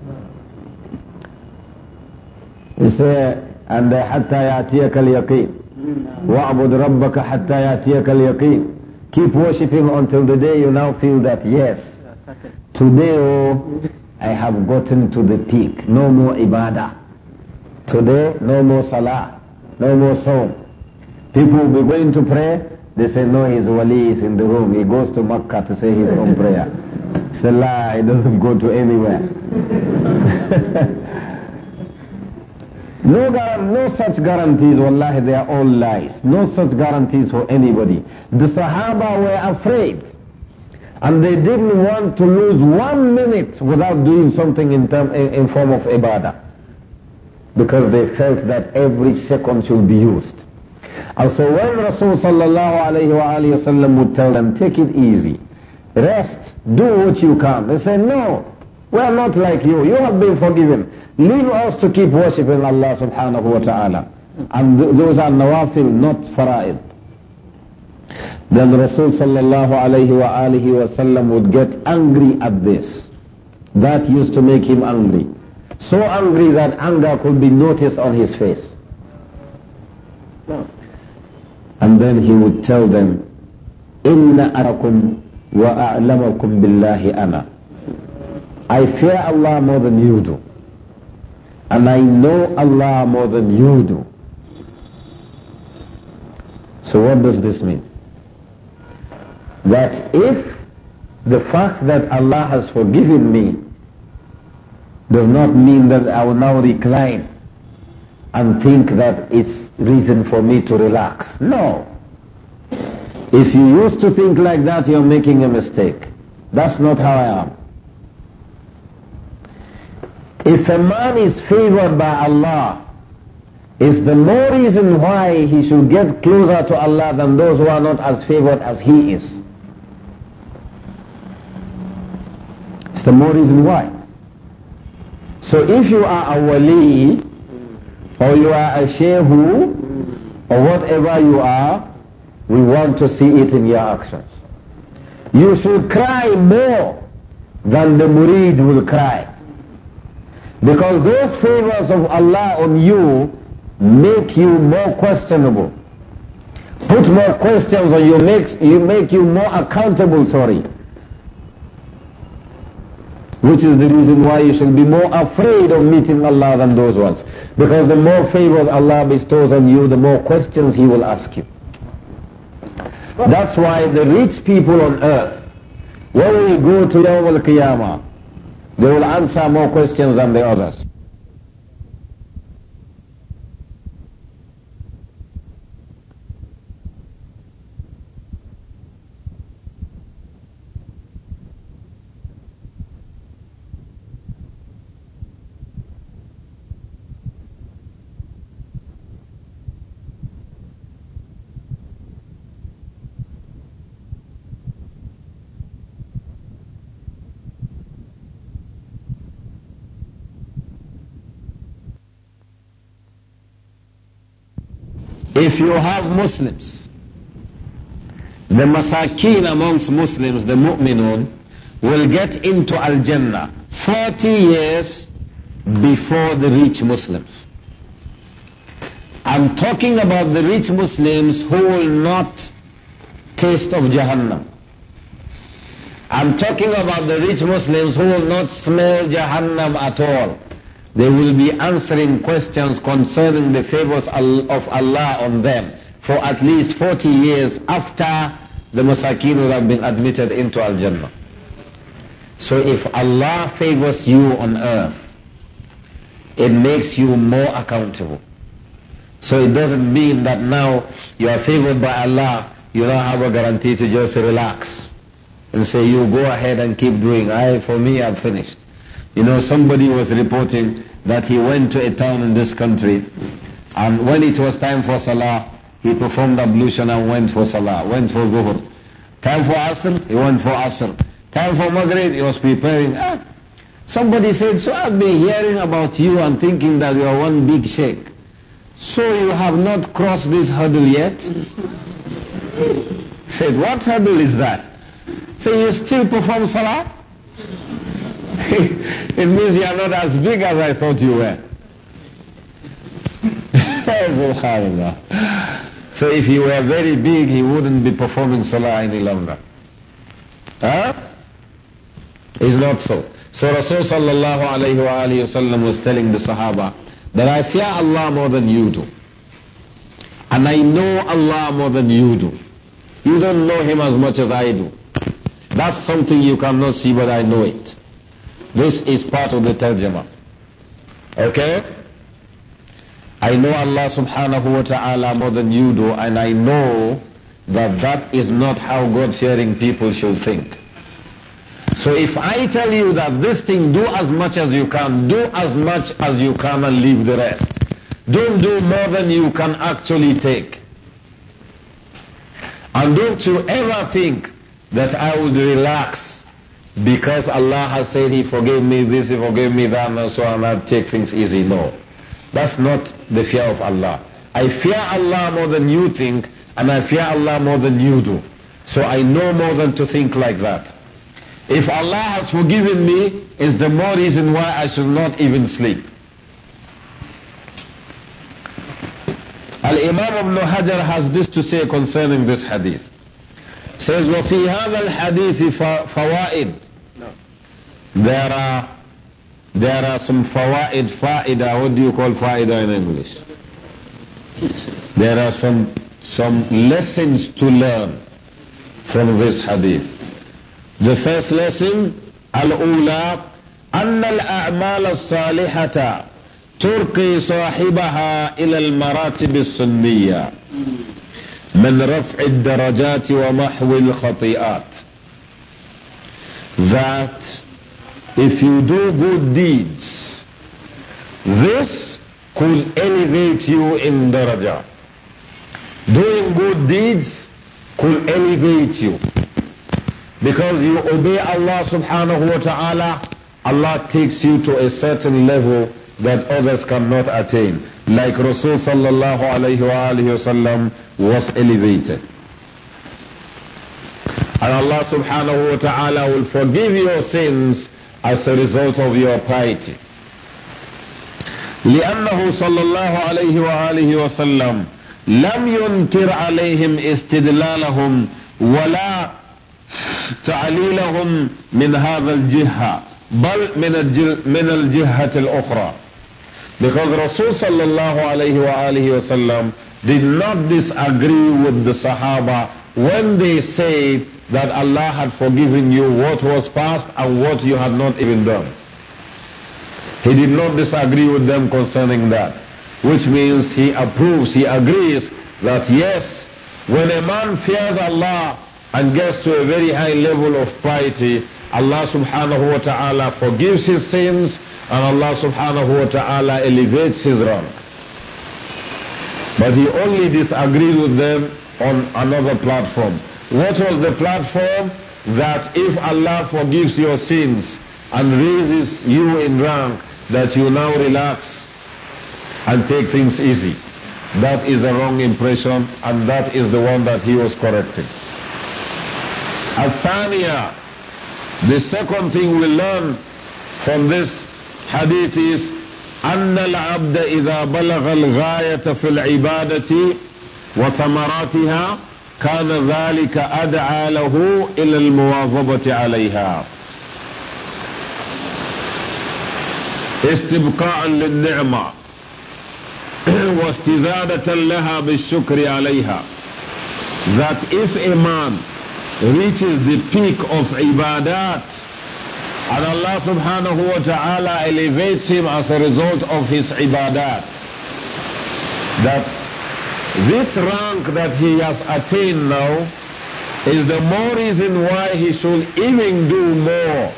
S1: He said, and حتى يأتيك اليقين وعبد ربك حتى يأتيك اليقين Keep worshipping until the day you now feel that, yes, today oh, I have gotten to the peak. No more ibadah. Today, no more salah no more so. People will be going to pray, they say, no, his wali is in the room. He goes to Makkah to say his own prayer. It's a lie, he doesn't go to anywhere. (laughs) no, no such guarantees, wallahi, they are all lies. No such guarantees for anybody. The Sahaba were afraid. And they didn't want to lose one minute without doing something in, term, in, in form of ibadah because they felt that every second should be used. And so when Rasul sallallahu would tell them, take it easy, rest, do what you can, they say, no, we are not like you, you have been forgiven. Leave us to keep worshipping Allah subhanahu wa ta'ala. And th those are nawafil, not fara'id. Then Rasul sallallahu alayhi wa would get angry at this. That used to make him angry. So angry that anger could be noticed on his face. And then he would tell them, I fear Allah more than you do. And I know Allah more than you do. So what does this mean? That if the fact that Allah has forgiven me does not mean that I will now recline and think that it's reason for me to relax. No. If you used to think like that, you're making a mistake. That's not how I am. If a man is favored by Allah, it's the more reason why he should get closer to Allah than those who are not as favored as he is. It's the more reason why. So if you are a wali, or you are a shehu, or whatever you are, we want to see it in your actions. You should cry more than the murid will cry. Because those favors of Allah on you make you more questionable. Put more questions on you, makes, you make you more accountable, sorry which is the reason why you should be more afraid of meeting Allah than those ones. Because the more favors Allah bestows on you, the more questions He will ask you. That's why the rich people on earth, when we go to Yawm al-Qiyamah, they will answer more questions than the others. if you have Muslims, the masakeen amongst Muslims, the mu'minun, will get into Al-Jannah 40 years before the rich Muslims. I'm talking about the rich Muslims who will not taste of Jahannam. I'm talking about the rich Muslims who will not smell Jahannam at all. They will be answering questions concerning the favors of Allah on them for at least 40 years after the masakin would have been admitted into Al-Jannah. So if Allah favors you on earth, it makes you more accountable. So it doesn't mean that now you are favored by Allah, you now have a guarantee to just relax and say, you go ahead and keep doing. I, for me, I'm finished. You know, somebody was reporting that he went to a town in this country, and when it was time for Salah, he performed ablution and went for Salah, went for Dhuhr. Time for Asr, he went for Asr. Time for Maghrib, he was preparing. Ah, somebody said, so I've been hearing about you and thinking that you are one big sheikh. So you have not crossed this hurdle yet? (laughs) said, what hurdle is that? So you still perform Salah? (laughs) it means you are not as big as I thought you were. (laughs) so if he were very big, he wouldn't be performing salah any longer. Huh? It's not so. So Rasul sallallahu alayhi wa alayhi was telling the Sahaba that I fear Allah more than you do. And I know Allah more than you do. You don't know Him as much as I do. That's something you cannot see, but I know it. This is part of the tarjama. Okay? I know Allah subhanahu wa ta'ala more than you do, and I know that that is not how God-fearing people should think. So if I tell you that this thing, do as much as you can, do as much as you can and leave the rest. Don't do more than you can actually take. And don't you ever think that I would relax because Allah has said He forgave me this, He forgave me that, and so on, I take things easy. No. That's not the fear of Allah. I fear Allah more than you think, and I fear Allah more than you do. So I know more than to think like that. If Allah has forgiven me, is the more reason why I should not even sleep. Al-Imam ibn Hajar has this to say concerning this hadith. Says, وَفِي هَذَا الْحَدِيثِ فَوَائِدٌ there are there are some fawaid faida what do you call faida in english there are some some lessons to learn from this hadith the first lesson al ula الاولى ان الاعمال الصالحه ترقي صاحبها الى المراتب السنيه من رفع الدرجات ومحو الخطيئات that if you do good deeds, this could elevate you in daraja. Doing good deeds could elevate you. Because you obey Allah subhanahu wa ta'ala, Allah takes you to a certain level that others cannot attain. Like Rasulullah sallallahu alayhi wa alayhi wa was elevated. And Allah subhanahu wa ta'ala will forgive your sins as a result of your piety. لأنه صلى الله عليه وآله وسلم لم ينكر عليهم استدلالهم ولا تعليلهم من هذا الجهة بل من من الجهة الأخرى because Rasul صلى الله عليه وآله وسلم did not disagree with the Sahaba when they said that Allah had forgiven you what was past and what you had not even done. He did not disagree with them concerning that, which means he approves, he agrees that yes, when a man fears Allah and gets to a very high level of piety, Allah subhanahu wa ta'ala forgives his sins and Allah subhanahu wa ta'ala elevates his rank. But he only disagreed with them on another platform. What was the platform? That if Allah forgives your sins and raises you in rank, that you now relax and take things easy. That is a wrong impression and that is the one that he was correcting. Athania, the second thing we learn from this hadith is أن العبد إذا بلغ الغاية في العبادة وثمراتها كان ذلك أدعى له إلى المواظبة عليها استبقاء للنعمة واستزادة لها بالشكر عليها that if a man reaches the peak of ibadat and Allah subhanahu wa ta'ala elevates him as a result of his ibadat that This rank that he has attained now is the more reason why he should even do more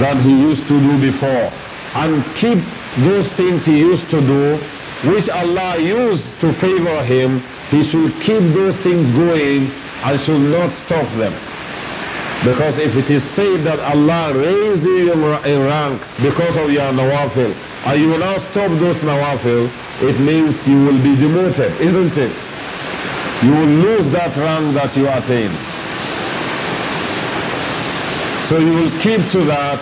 S1: than he used to do before and keep those things he used to do which Allah used to favor him he should keep those things going and should not stop them because if it is said that Allah raised you in rank because of your nawafil and you will not stop those nawafil it means you will be demoted, isn't it? You will lose that rank that you attained. So you will keep to that.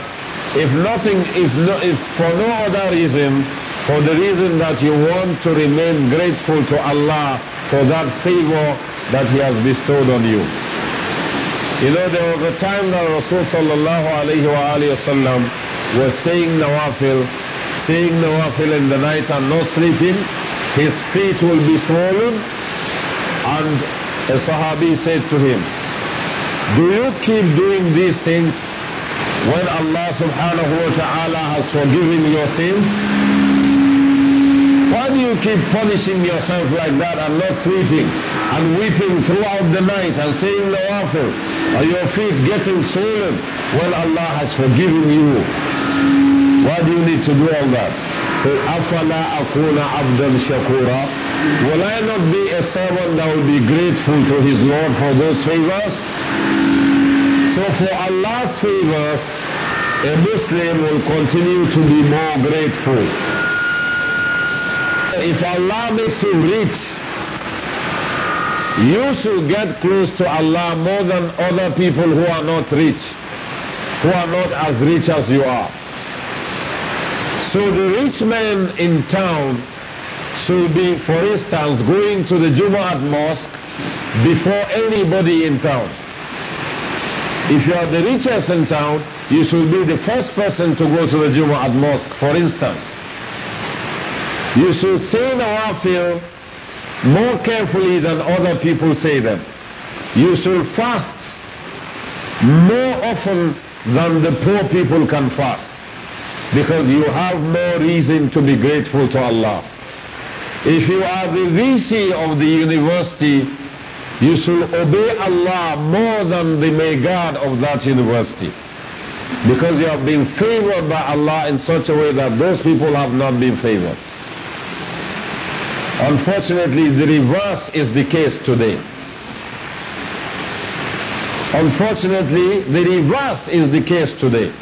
S1: If nothing, if, no, if for no other reason, for the reason that you want to remain grateful to Allah for that favor that He has bestowed on you. You know, there was a time that Rasulullah sallallahu alayhi wa was saying nawafil, saying nawafil in the night and not sleeping, his feet will be swollen. And a Sahabi said to him, Do you keep doing these things when Allah subhanahu wa ta'ala has forgiven your sins? Why do you keep punishing yourself like that and not sleeping and weeping throughout the night and saying nawafil? Are your feet getting swollen when Allah has forgiven you? Why do you need to do all that? Say, Afala akuna abdan shakura. Will I not be a servant that will be grateful to his Lord for those favors? So for Allah's favors, a Muslim will continue to be more grateful. If Allah makes you rich, you should get close to Allah more than other people who are not rich, who are not as rich as you are. So the rich man in town should be, for instance, going to the Jumu'at mosque before anybody in town. If you are the richest in town, you should be the first person to go to the Jumu'at mosque, for instance. You should say Nawafil more carefully than other people say them. You should fast more often than the poor people can fast because you have more reason to be grateful to Allah. If you are the VC of the university, you should obey Allah more than the May God of that university. Because you have been favored by Allah in such a way that those people have not been favored. Unfortunately, the reverse is the case today. Unfortunately, the reverse is the case today.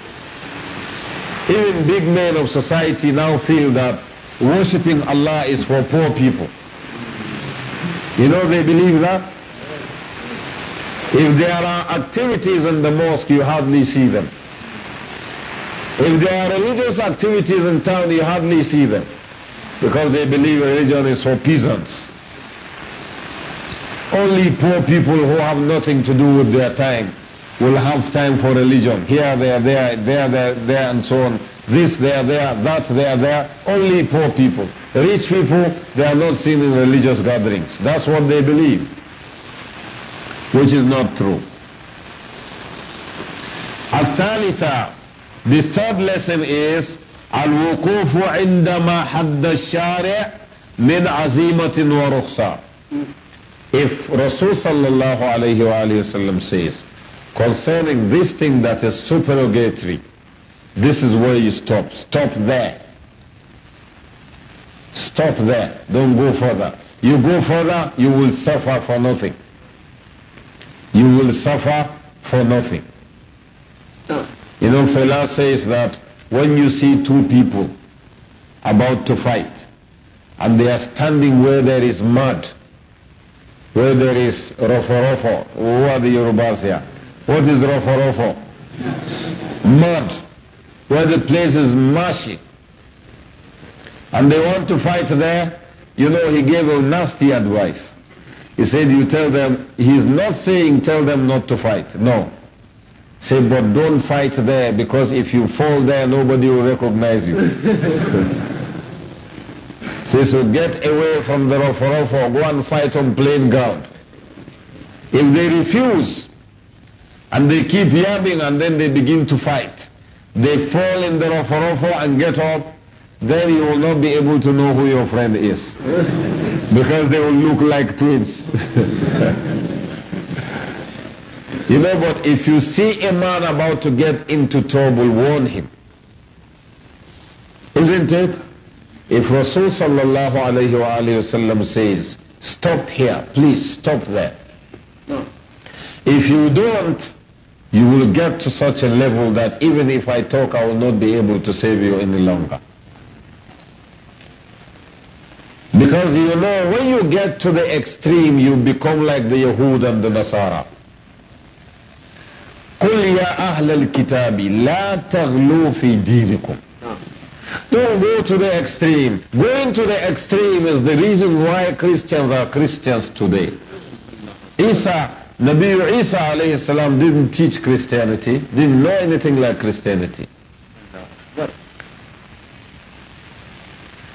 S1: Even big men of society now feel that worshipping Allah is for poor people. You know they believe that? If there are activities in the mosque, you hardly see them. If there are religious activities in town, you hardly see them. Because they believe religion is for peasants. Only poor people who have nothing to do with their time will have time for religion. Here, there, there, there, there, there, and so on. This, there, there, that, there, there. Only poor people. Rich people, they are not seen in religious gatherings. That's what they believe, which is not true. الثالثة The third lesson is الوقوف عندما حد الشارع من عزيمة ورخصة If Rasul sallallahu alayhi wa says concerning this thing that is supererogatory, this is where you stop. Stop there. Stop there. Don't go further. You go further, you will suffer for nothing. You will suffer for nothing. You know, Fela says that when you see two people about to fight, and they are standing where there is mud, where there is rofo rofo, who are the Yorubas here? What is rofa rofa? Mud, where the place is mushy, And they want to fight there. You know, he gave a nasty advice. He said, you tell them, he's not saying tell them not to fight. No. Say, but don't fight there because if you fall there, nobody will recognize you. (laughs) Say, so get away from the Rofa Rofa, go and fight on plain ground. If they refuse, and they keep yapping and then they begin to fight. They fall in the roforofo and get up. Then you will not be able to know who your friend is. (laughs) because they will look like twins. (laughs) you know, but if you see a man about to get into trouble, warn him. Isn't it? If Rasul sallallahu alayhi wa sallam says, stop here, please stop there. No. If you don't, you will get to such a level that even if I talk, I will not be able to save you any longer. Because you know, when you get to the extreme, you become like the Yahud and the Nasara. قل يا أهل الكتاب لا تغلوا في دينكم Don't go to the extreme. Going to the extreme is the reason why Christians are Christians today. Isa Nabi Isa alayhi didn't teach Christianity, didn't know anything like Christianity.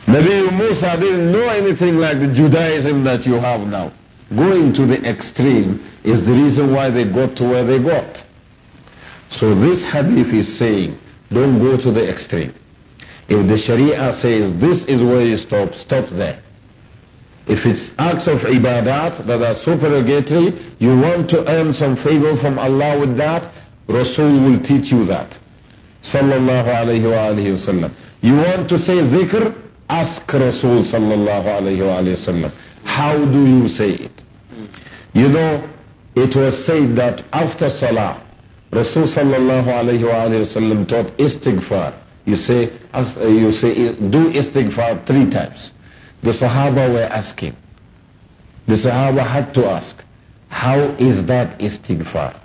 S1: Nabi Musa didn't know anything like the Judaism that you have now. Going to the extreme is the reason why they got to where they got. So this hadith is saying, don't go to the extreme. If the Sharia says this is where you stop, stop there. If it's acts of ibadat that are supererogatory, you want to earn some favor from Allah with that, Rasul will teach you that. Sallallahu alayhi wa alayhi wasallam. You want to say dhikr? Ask Rasul sallallahu alayhi wa alayhi wasallam. How do you say it? You know, it was said that after salah, Rasul sallallahu alayhi wa alayhi wasallam taught istighfar. You say, you say, do istighfar three times. The Sahaba were asking. The Sahaba had to ask, how is that istighfar?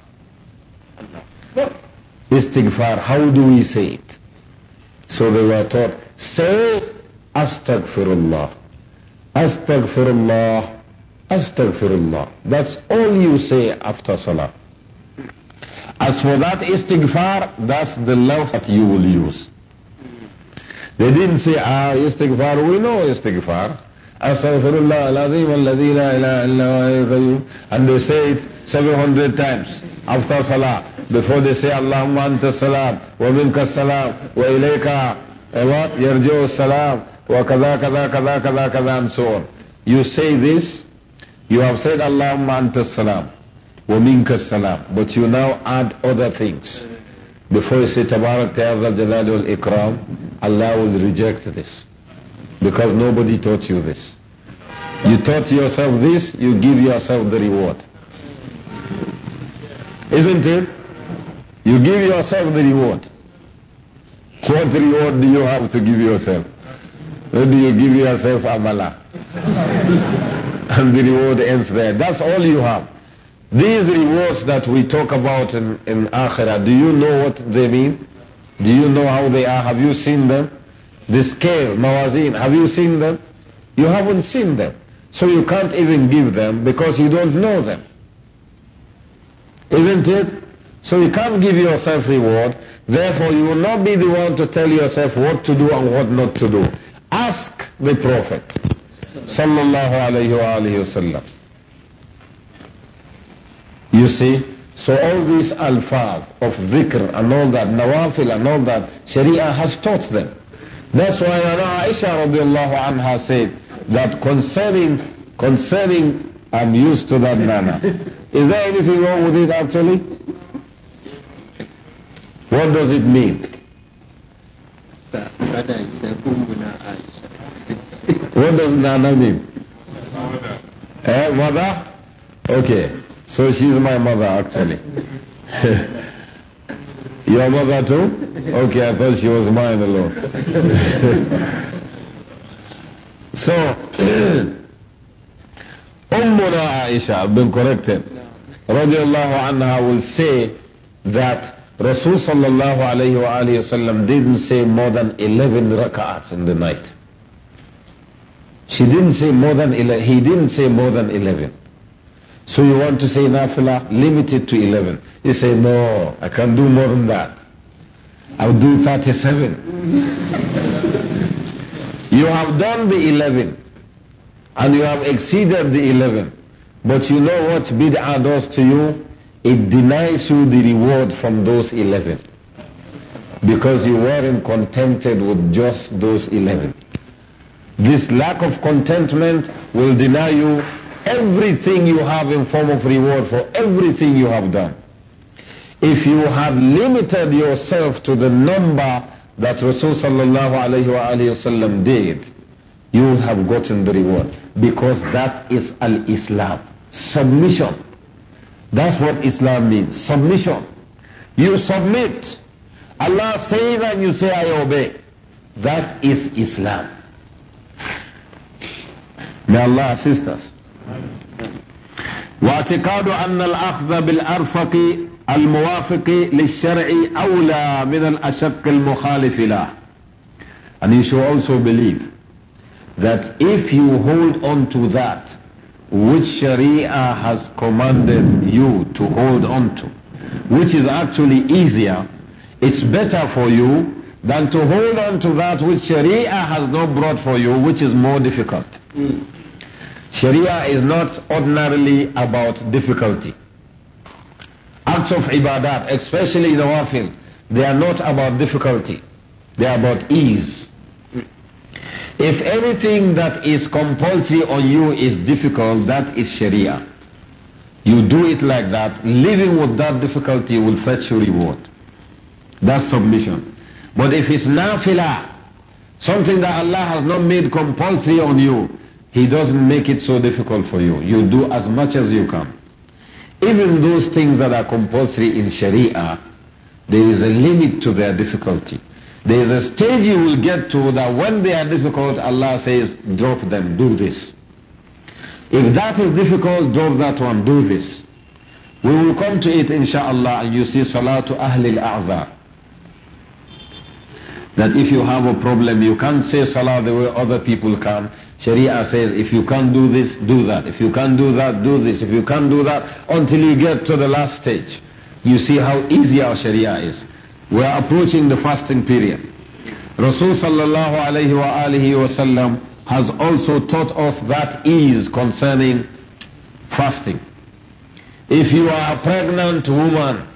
S1: Istighfar, how do we say it? So they were taught, say astaghfirullah, astaghfirullah, astaghfirullah. That's all you say after salah. As for that istighfar, that's the love that you will use. They didn't say, ah, istighfar, we know istighfar. Astaghfirullah al-azim alladhi la ilaha illa qayyum. And they say it 700 times after salah. Before they say, Allahumma anta salam, wa minka salam, wa ilayka, eh, what? salam, wa kada kada kada kada kada and so on. You say this, you have said Allahumma anta salam, wa minka salam. But you now add other things before you say Tabarak Ta'ala Jalal Ikram, Allah will reject this. Because nobody taught you this. You taught yourself this, you give yourself the reward. Isn't it? You give yourself the reward. What reward do you have to give yourself? Then you give yourself amala. (laughs) and the reward ends there. That's all you have. These rewards that we talk about in, in Akhirah, do you know what they mean? Do you know how they are? Have you seen them? The scale, mawazin, have you seen them? You haven't seen them. So you can't even give them because you don't know them. Isn't it? So you can't give yourself reward. Therefore, you will not be the one to tell yourself what to do and what not to do. Ask the Prophet. Sallallahu alayhi wa you see? So all these alfaz of dhikr and all that, nawafil and all that, Sharia has taught them. That's why Anna Aisha radiallahu anha said that concerning, concerning, I'm used to that nana. Is there anything wrong with it actually? What does it mean? what does nana mean? Mother. Eh, mother? Okay. So she's my mother actually. (laughs) Your mother too? Okay, I thought she was mine alone. (laughs) so, (clears throat) Ummuna Aisha, I've been corrected, no. radiallahu anha will say that Rasul sallallahu alayhi wa alayhi wasallam didn't say more than 11 rak'ats in the night. She didn't say more than 11, he didn't say more than 11. So you want to say nafilah, limit it to 11. You say, no, I can do more than that. I'll do 37. (laughs) you have done the 11 and you have exceeded the 11. But you know what bid'ah does to you? It denies you the reward from those 11. Because you weren't contented with just those 11. This lack of contentment will deny you everything you have in form of reward for everything you have done. If you had limited yourself to the number that Rasulullah sallallahu did, you would have gotten the reward because that is al-Islam. Submission. That's what Islam means. Submission. You submit. Allah says and you say, I obey. That is Islam. May Allah assist us. واعتقاد أن الأخذ بالأرفق الموافق للشرع أولى من الأشق المخالف له And you should also believe that if you hold on to that which Sharia has commanded you to hold on to, which is actually easier, it's better for you than to hold on to that which Sharia has not brought for you, which is more difficult. Mm. Sharia is not ordinarily about difficulty. Acts of ibadat, especially in the wafil, they are not about difficulty. They are about ease. If anything that is compulsory on you is difficult, that is Sharia. You do it like that, living with that difficulty will fetch you reward. That's submission. But if it's nafilah, something that Allah has not made compulsory on you, he doesn't make it so difficult for you. You do as much as you can. Even those things that are compulsory in Sharia, there is a limit to their difficulty. There is a stage you will get to that when they are difficult, Allah says, drop them, do this. If that is difficult, drop that one, do this. We will come to it inshallah and you see Salatu Ahlil A'dha. That if you have a problem, you can't say Salah the way other people can. Sharia says if you can't do this, do that. If you can't do that, do this. If you can't do that, until you get to the last stage. You see how easy our Sharia is. We are approaching the fasting period. Rasul sallallahu alayhi wa alihi has also taught us that ease concerning fasting. If you are a pregnant woman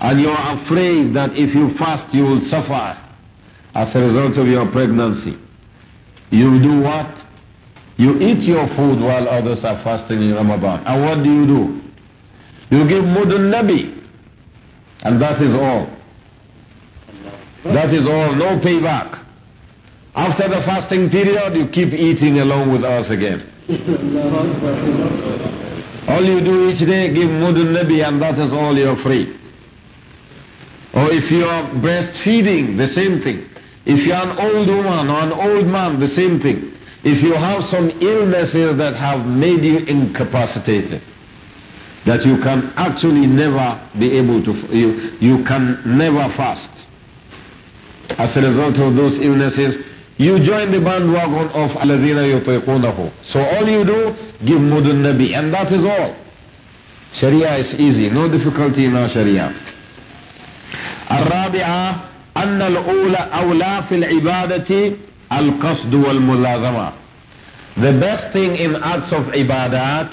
S1: and you are afraid that if you fast you will suffer as a result of your pregnancy, you do what? You eat your food while others are fasting in Ramadan. And what do you do? You give mudun nabi. And that is all. That is all. No payback. After the fasting period, you keep eating along with us again. all you do each day, give mudun nabi and that is all you're free. Or if you are breastfeeding, the same thing. If you're an old woman or an old man, the same thing. If you have some illnesses that have made you incapacitated, that you can actually never be able to, you, you can never fast. As a result of those illnesses, you join the bandwagon of الَّذِينَ يُطِيقُونَهُ So all you do, give mudun nabi, and that is all. Sharia is easy, no difficulty in our Sharia. الرابعة أن الأولى أولى في العبادة القصد والملازمة The best thing in acts of ibadat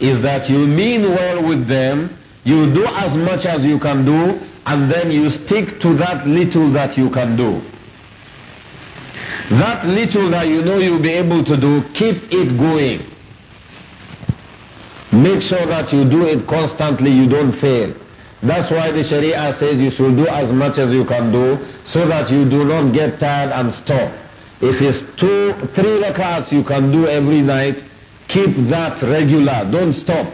S1: is that you mean well with them, you do as much as you can do, and then you stick to that little that you can do. That little that you know you'll be able to do, keep it going. Make sure that you do it constantly, you don't fail. That's why the Sharia says you should do as much as you can do so that you do not get tired and stop. If it's two, three rakats you can do every night, keep that regular, don't stop.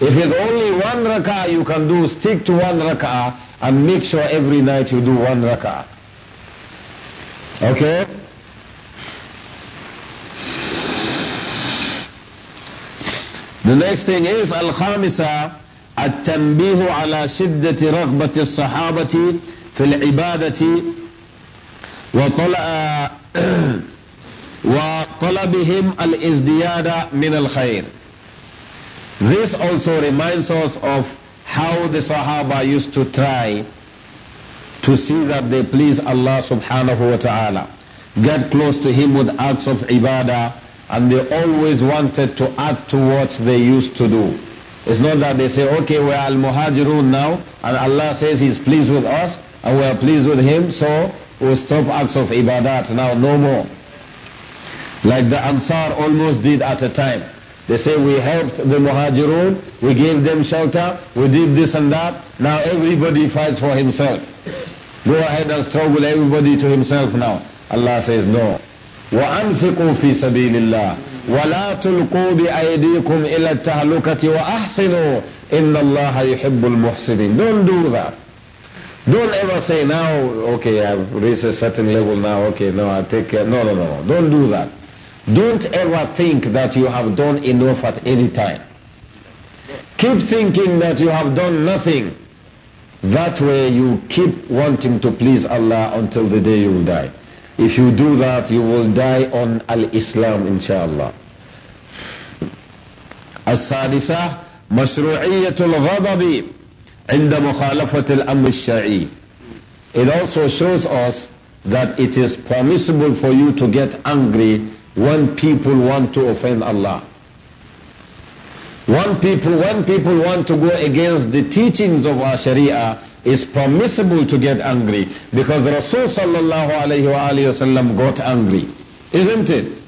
S1: If it's only one rak'ah you can do, stick to one rak'ah and make sure every night you do one rak'ah. Okay? The next thing is Al-Khamisa, التنبيه على شدة رغبة الصحابة في العبادة (clears throat) وطلبهم الازدياد من الخير This also reminds us of how the Sahaba used to try to see that they please Allah subhanahu wa ta'ala, get close to Him with acts of ibadah, and they always wanted to add to what they used to do. It's not that they say, okay, we are al-muhajirun now, and Allah says He's pleased with us, and we are pleased with Him, so we'll stop acts of ibadat now, no more. Like the Ansar almost did at a time. They say, we helped the muhajirun, we gave them shelter, we did this and that, now everybody fights for himself. Go ahead and struggle everybody to himself now. Allah says, no. وَأَنْفِقُوا فِي سَبِيلِ اللَّهِ ولا تلقوا بأيديكم إلى التهلكة وأحسنوا إن الله يحب المحسنين don't do that don't ever say now okay I've reached a certain level now okay no I take care no no no no don't do that don't ever think that you have done enough at any time keep thinking that you have done nothing that way you keep wanting to please Allah until the day you die if you do that, you will die on al-Islam, inshallah. السادسة مشروعية الغضب عند مخالفة الأمر الشرعي. It also shows us that it is permissible for you to get angry when people want to offend Allah. When people, when people want to go against the teachings of our Sharia, it's permissible to get angry because Rasul sallallahu alayhi wa alayhi got angry. Isn't it?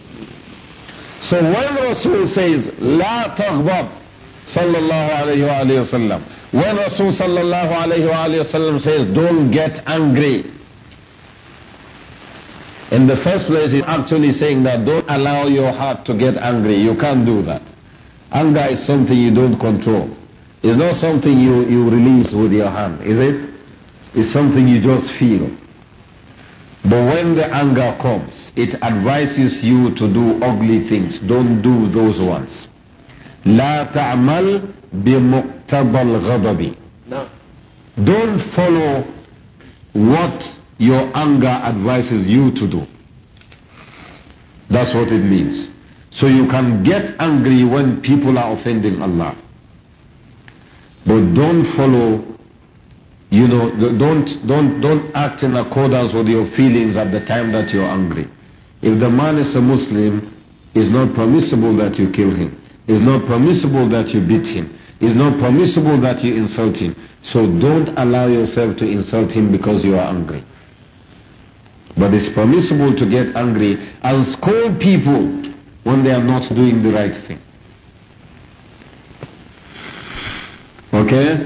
S1: So when Rasul says, La taghdab, sallallahu alayhi wa alayhi wa when Rasul sallallahu alayhi wa alayhi wa says, don't get angry, in the first place, he's actually saying that don't allow your heart to get angry. You can't do that. Anger is something you don't control. It's not something you, you release with your hand, is it? It's something you just feel. But when the anger comes, it advises you to do ugly things. Don't do those ones. لا تعمل بمقتضى الغضب. No. Don't follow what your anger advises you to do. That's what it means. So you can get angry when people are offending Allah. But don't follow, you know, don't, don't, don't act in accordance with your feelings at the time that you're angry. If the man is a Muslim, it's not permissible that you kill him. It's not permissible that you beat him. It's not permissible that you insult him. So don't allow yourself to insult him because you are angry. But it's permissible to get angry and scold people when they are not doing the right thing. Okay?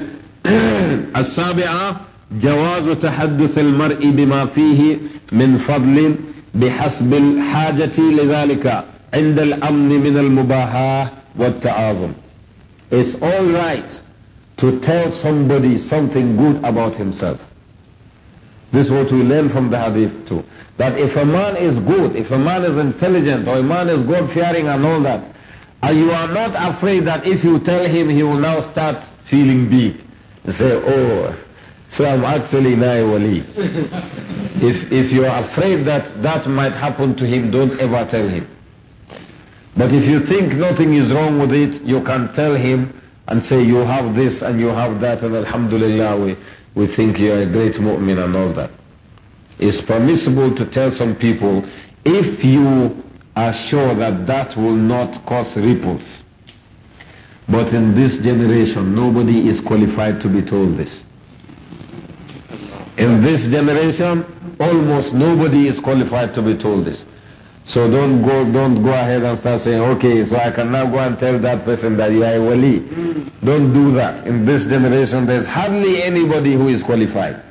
S1: السابعة جواز تحدث المرء بما فيه من فضل بحسب الحاجة لذلك عند الأمن من المباهاة والتعاظم. It's all right to tell somebody something good about himself. This is what we learn from the hadith too. That if a man is good, if a man is intelligent, or a man is God-fearing and all that, and you are not afraid that if you tell him he will now start feeling big. They say, oh, so I'm actually my wali. if, if you are afraid that that might happen to him, don't ever tell him. But if you think nothing is wrong with it, you can tell him and say, you have this and you have that and alhamdulillah, we, we think you are a great mu'min and all that. It's permissible to tell some people if you are sure that that will not cause ripples. But in this generation, nobody is qualified to be told this. In this generation, almost nobody is qualified to be told this. So don't go, don't go ahead and start saying, okay, so I can now go and tell that person that you are a wali. Don't do that. In this generation, there's hardly anybody who is qualified.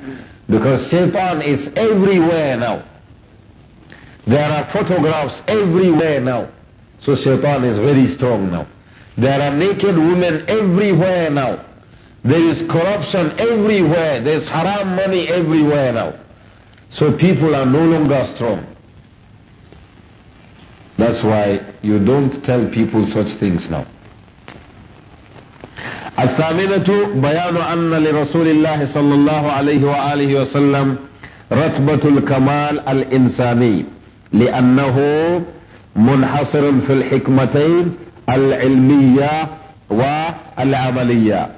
S1: Because shaitan is everywhere now. There are photographs everywhere now. So shaitan is very strong now. There are naked women everywhere now. There is corruption everywhere. There is haram money everywhere now. So people are no longer strong. That's why you don't tell people such things now. الثامنة بيان أن لرسول الله صلى الله عليه وآله وسلم رتبة الكمال الإنساني لأنه منحصر في الحكمتين العلمية والعملية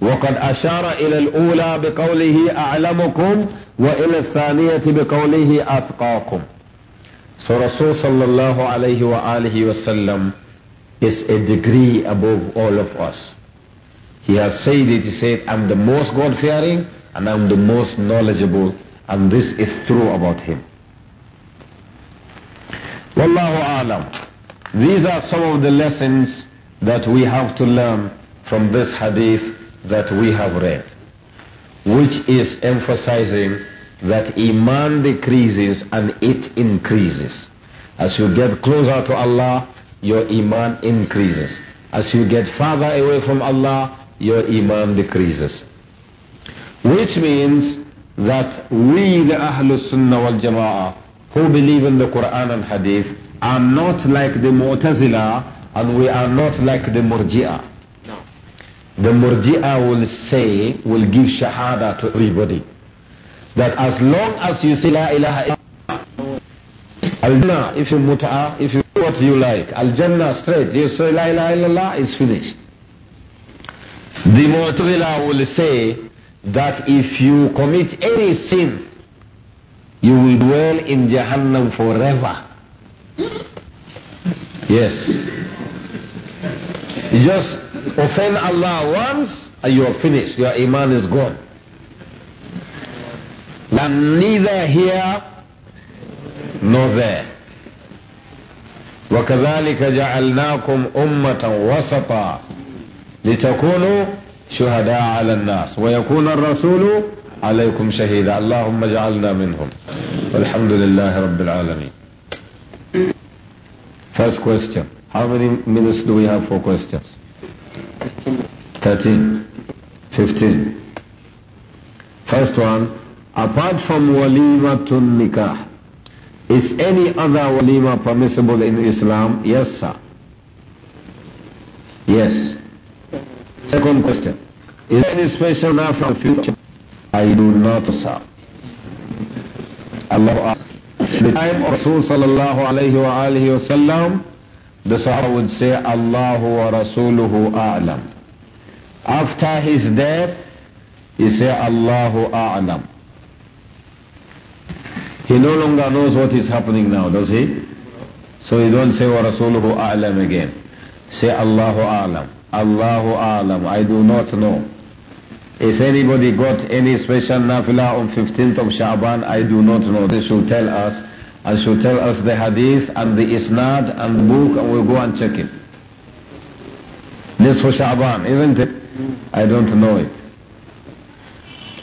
S1: وقد أشار إلى الأولى بقوله أعلمكم وإلى الثانية بقوله أتقاكم So صلى الله عليه وآله وسلم is a degree above all of us. He has said it, he said, I'm the most God-fearing and I'm the most knowledgeable and this is true about him. Wallahu alam. These are some of the lessons that we have to learn from this hadith that we have read, which is emphasizing that Iman decreases and it increases. As you get closer to Allah, your Iman increases. As you get farther away from Allah, your Iman decreases. Which means that we, the Ahlul Sunnah wal Jama'ah, who believe in the Quran and Hadith, are not like the Mu'tazila and we are not like the Murji'a. The Murji'a will say, will give Shahada to everybody. That as long as you say La ilaha illallah, Al-Jannah, if you muta, if you do what you like, Al-Jannah straight, you say La ilaha illallah, it's finished. The Mu'tazila will say that if you commit any sin, you will dwell in Jahannam forever. Yes. You just offend Allah once and you are finished. Your iman is gone. And neither here nor there. وكذلك جعلناكم أمة وسطا لتكونوا شهداء على الناس ويكون الرسول عليكم شهيدا اللهم اجعلنا منهم والحمد لله رب العالمين First question. How many minutes do we have for questions? 13. 15. First one. Apart from walima walimatun nikah, is any other walima permissible in Islam? Yes, sir. Yes. Second question. Is there any special law for the future? I do not, sir. Allah the time of Rasul sallallahu alayhi wa alihi wasallam, the Sahaba would say, Allahu wa Rasuluhu a'lam. After his death, he say, Allahu a'lam. He no longer knows what is happening now, does he? So he don't say, wa Rasuluhu a'lam again. Say, Allahu a'lam. Allahu a'lam. I do not know. If anybody got any special nafila on 15th of Sha'ban, I do not know. They should tell us and should tell us the hadith and the isnad and the book and we'll go and check it. This for Sha'ban, isn't it? I don't know it.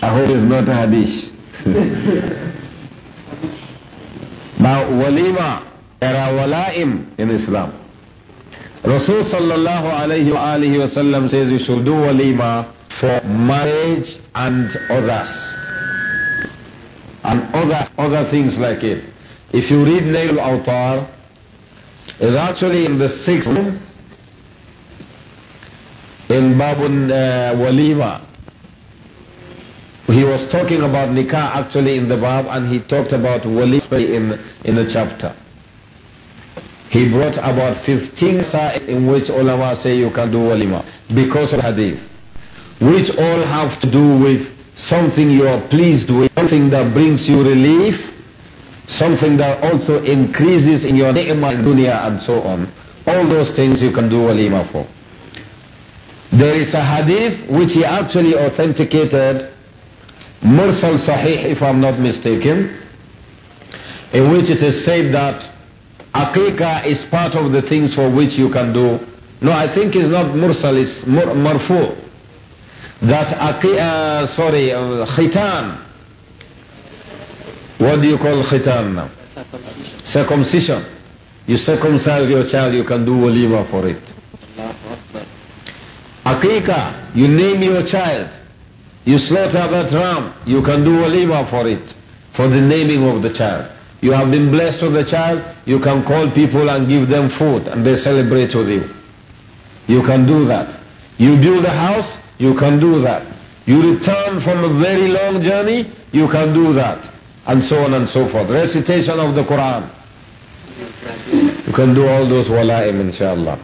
S1: I hope it's not a hadith. (laughs) now, walima, there are walaim in Islam. Rasul sallallahu alayhi wa says you should do walima for marriage and others. And other, other things like it. If you read Nail Autar, is actually in the sixth in Babun uh, Walima. He was talking about nikah actually in the Bab and he talked about walima in, in the chapter. He brought about 15 sa in which ulama say you can do walima because of hadith which all have to do with something you are pleased with, something that brings you relief, something that also increases in your ni'mah dunya and so on. All those things you can do walima for. There is a hadith which he actually authenticated, Mursal Sahih if I'm not mistaken, in which it is said that Aqiqah is part of the things for which you can do. No, I think it's not Mursal, it's Marfu that aki, uh, sorry, uh, khitan. What do you call khitan now? Circumcision. Circumcision. You circumcise your child, you can do walima for it. Akika, you name your child. You slaughter that ram, you can do walima for it, for the naming of the child. You have been blessed with the child, you can call people and give them food and they celebrate with you. You can do that. You build a house, you can do that. You return from a very long journey, you can do that. And so on and so forth. Recitation of the Quran. You can do all those wala'im inshallah.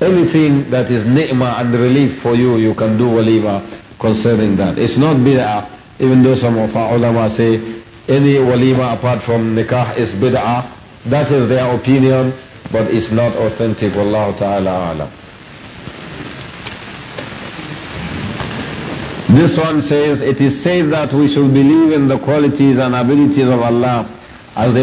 S1: Anything that is ni'mah and relief for you, you can do walima concerning that. It's not bid'ah, even though some of our ulama say any walima apart from nikah is bid'ah. That is their opinion, but it's not authentic. Wallahu ta'ala alam. This one says, it is said that we should believe in the qualities and abilities of Allah as they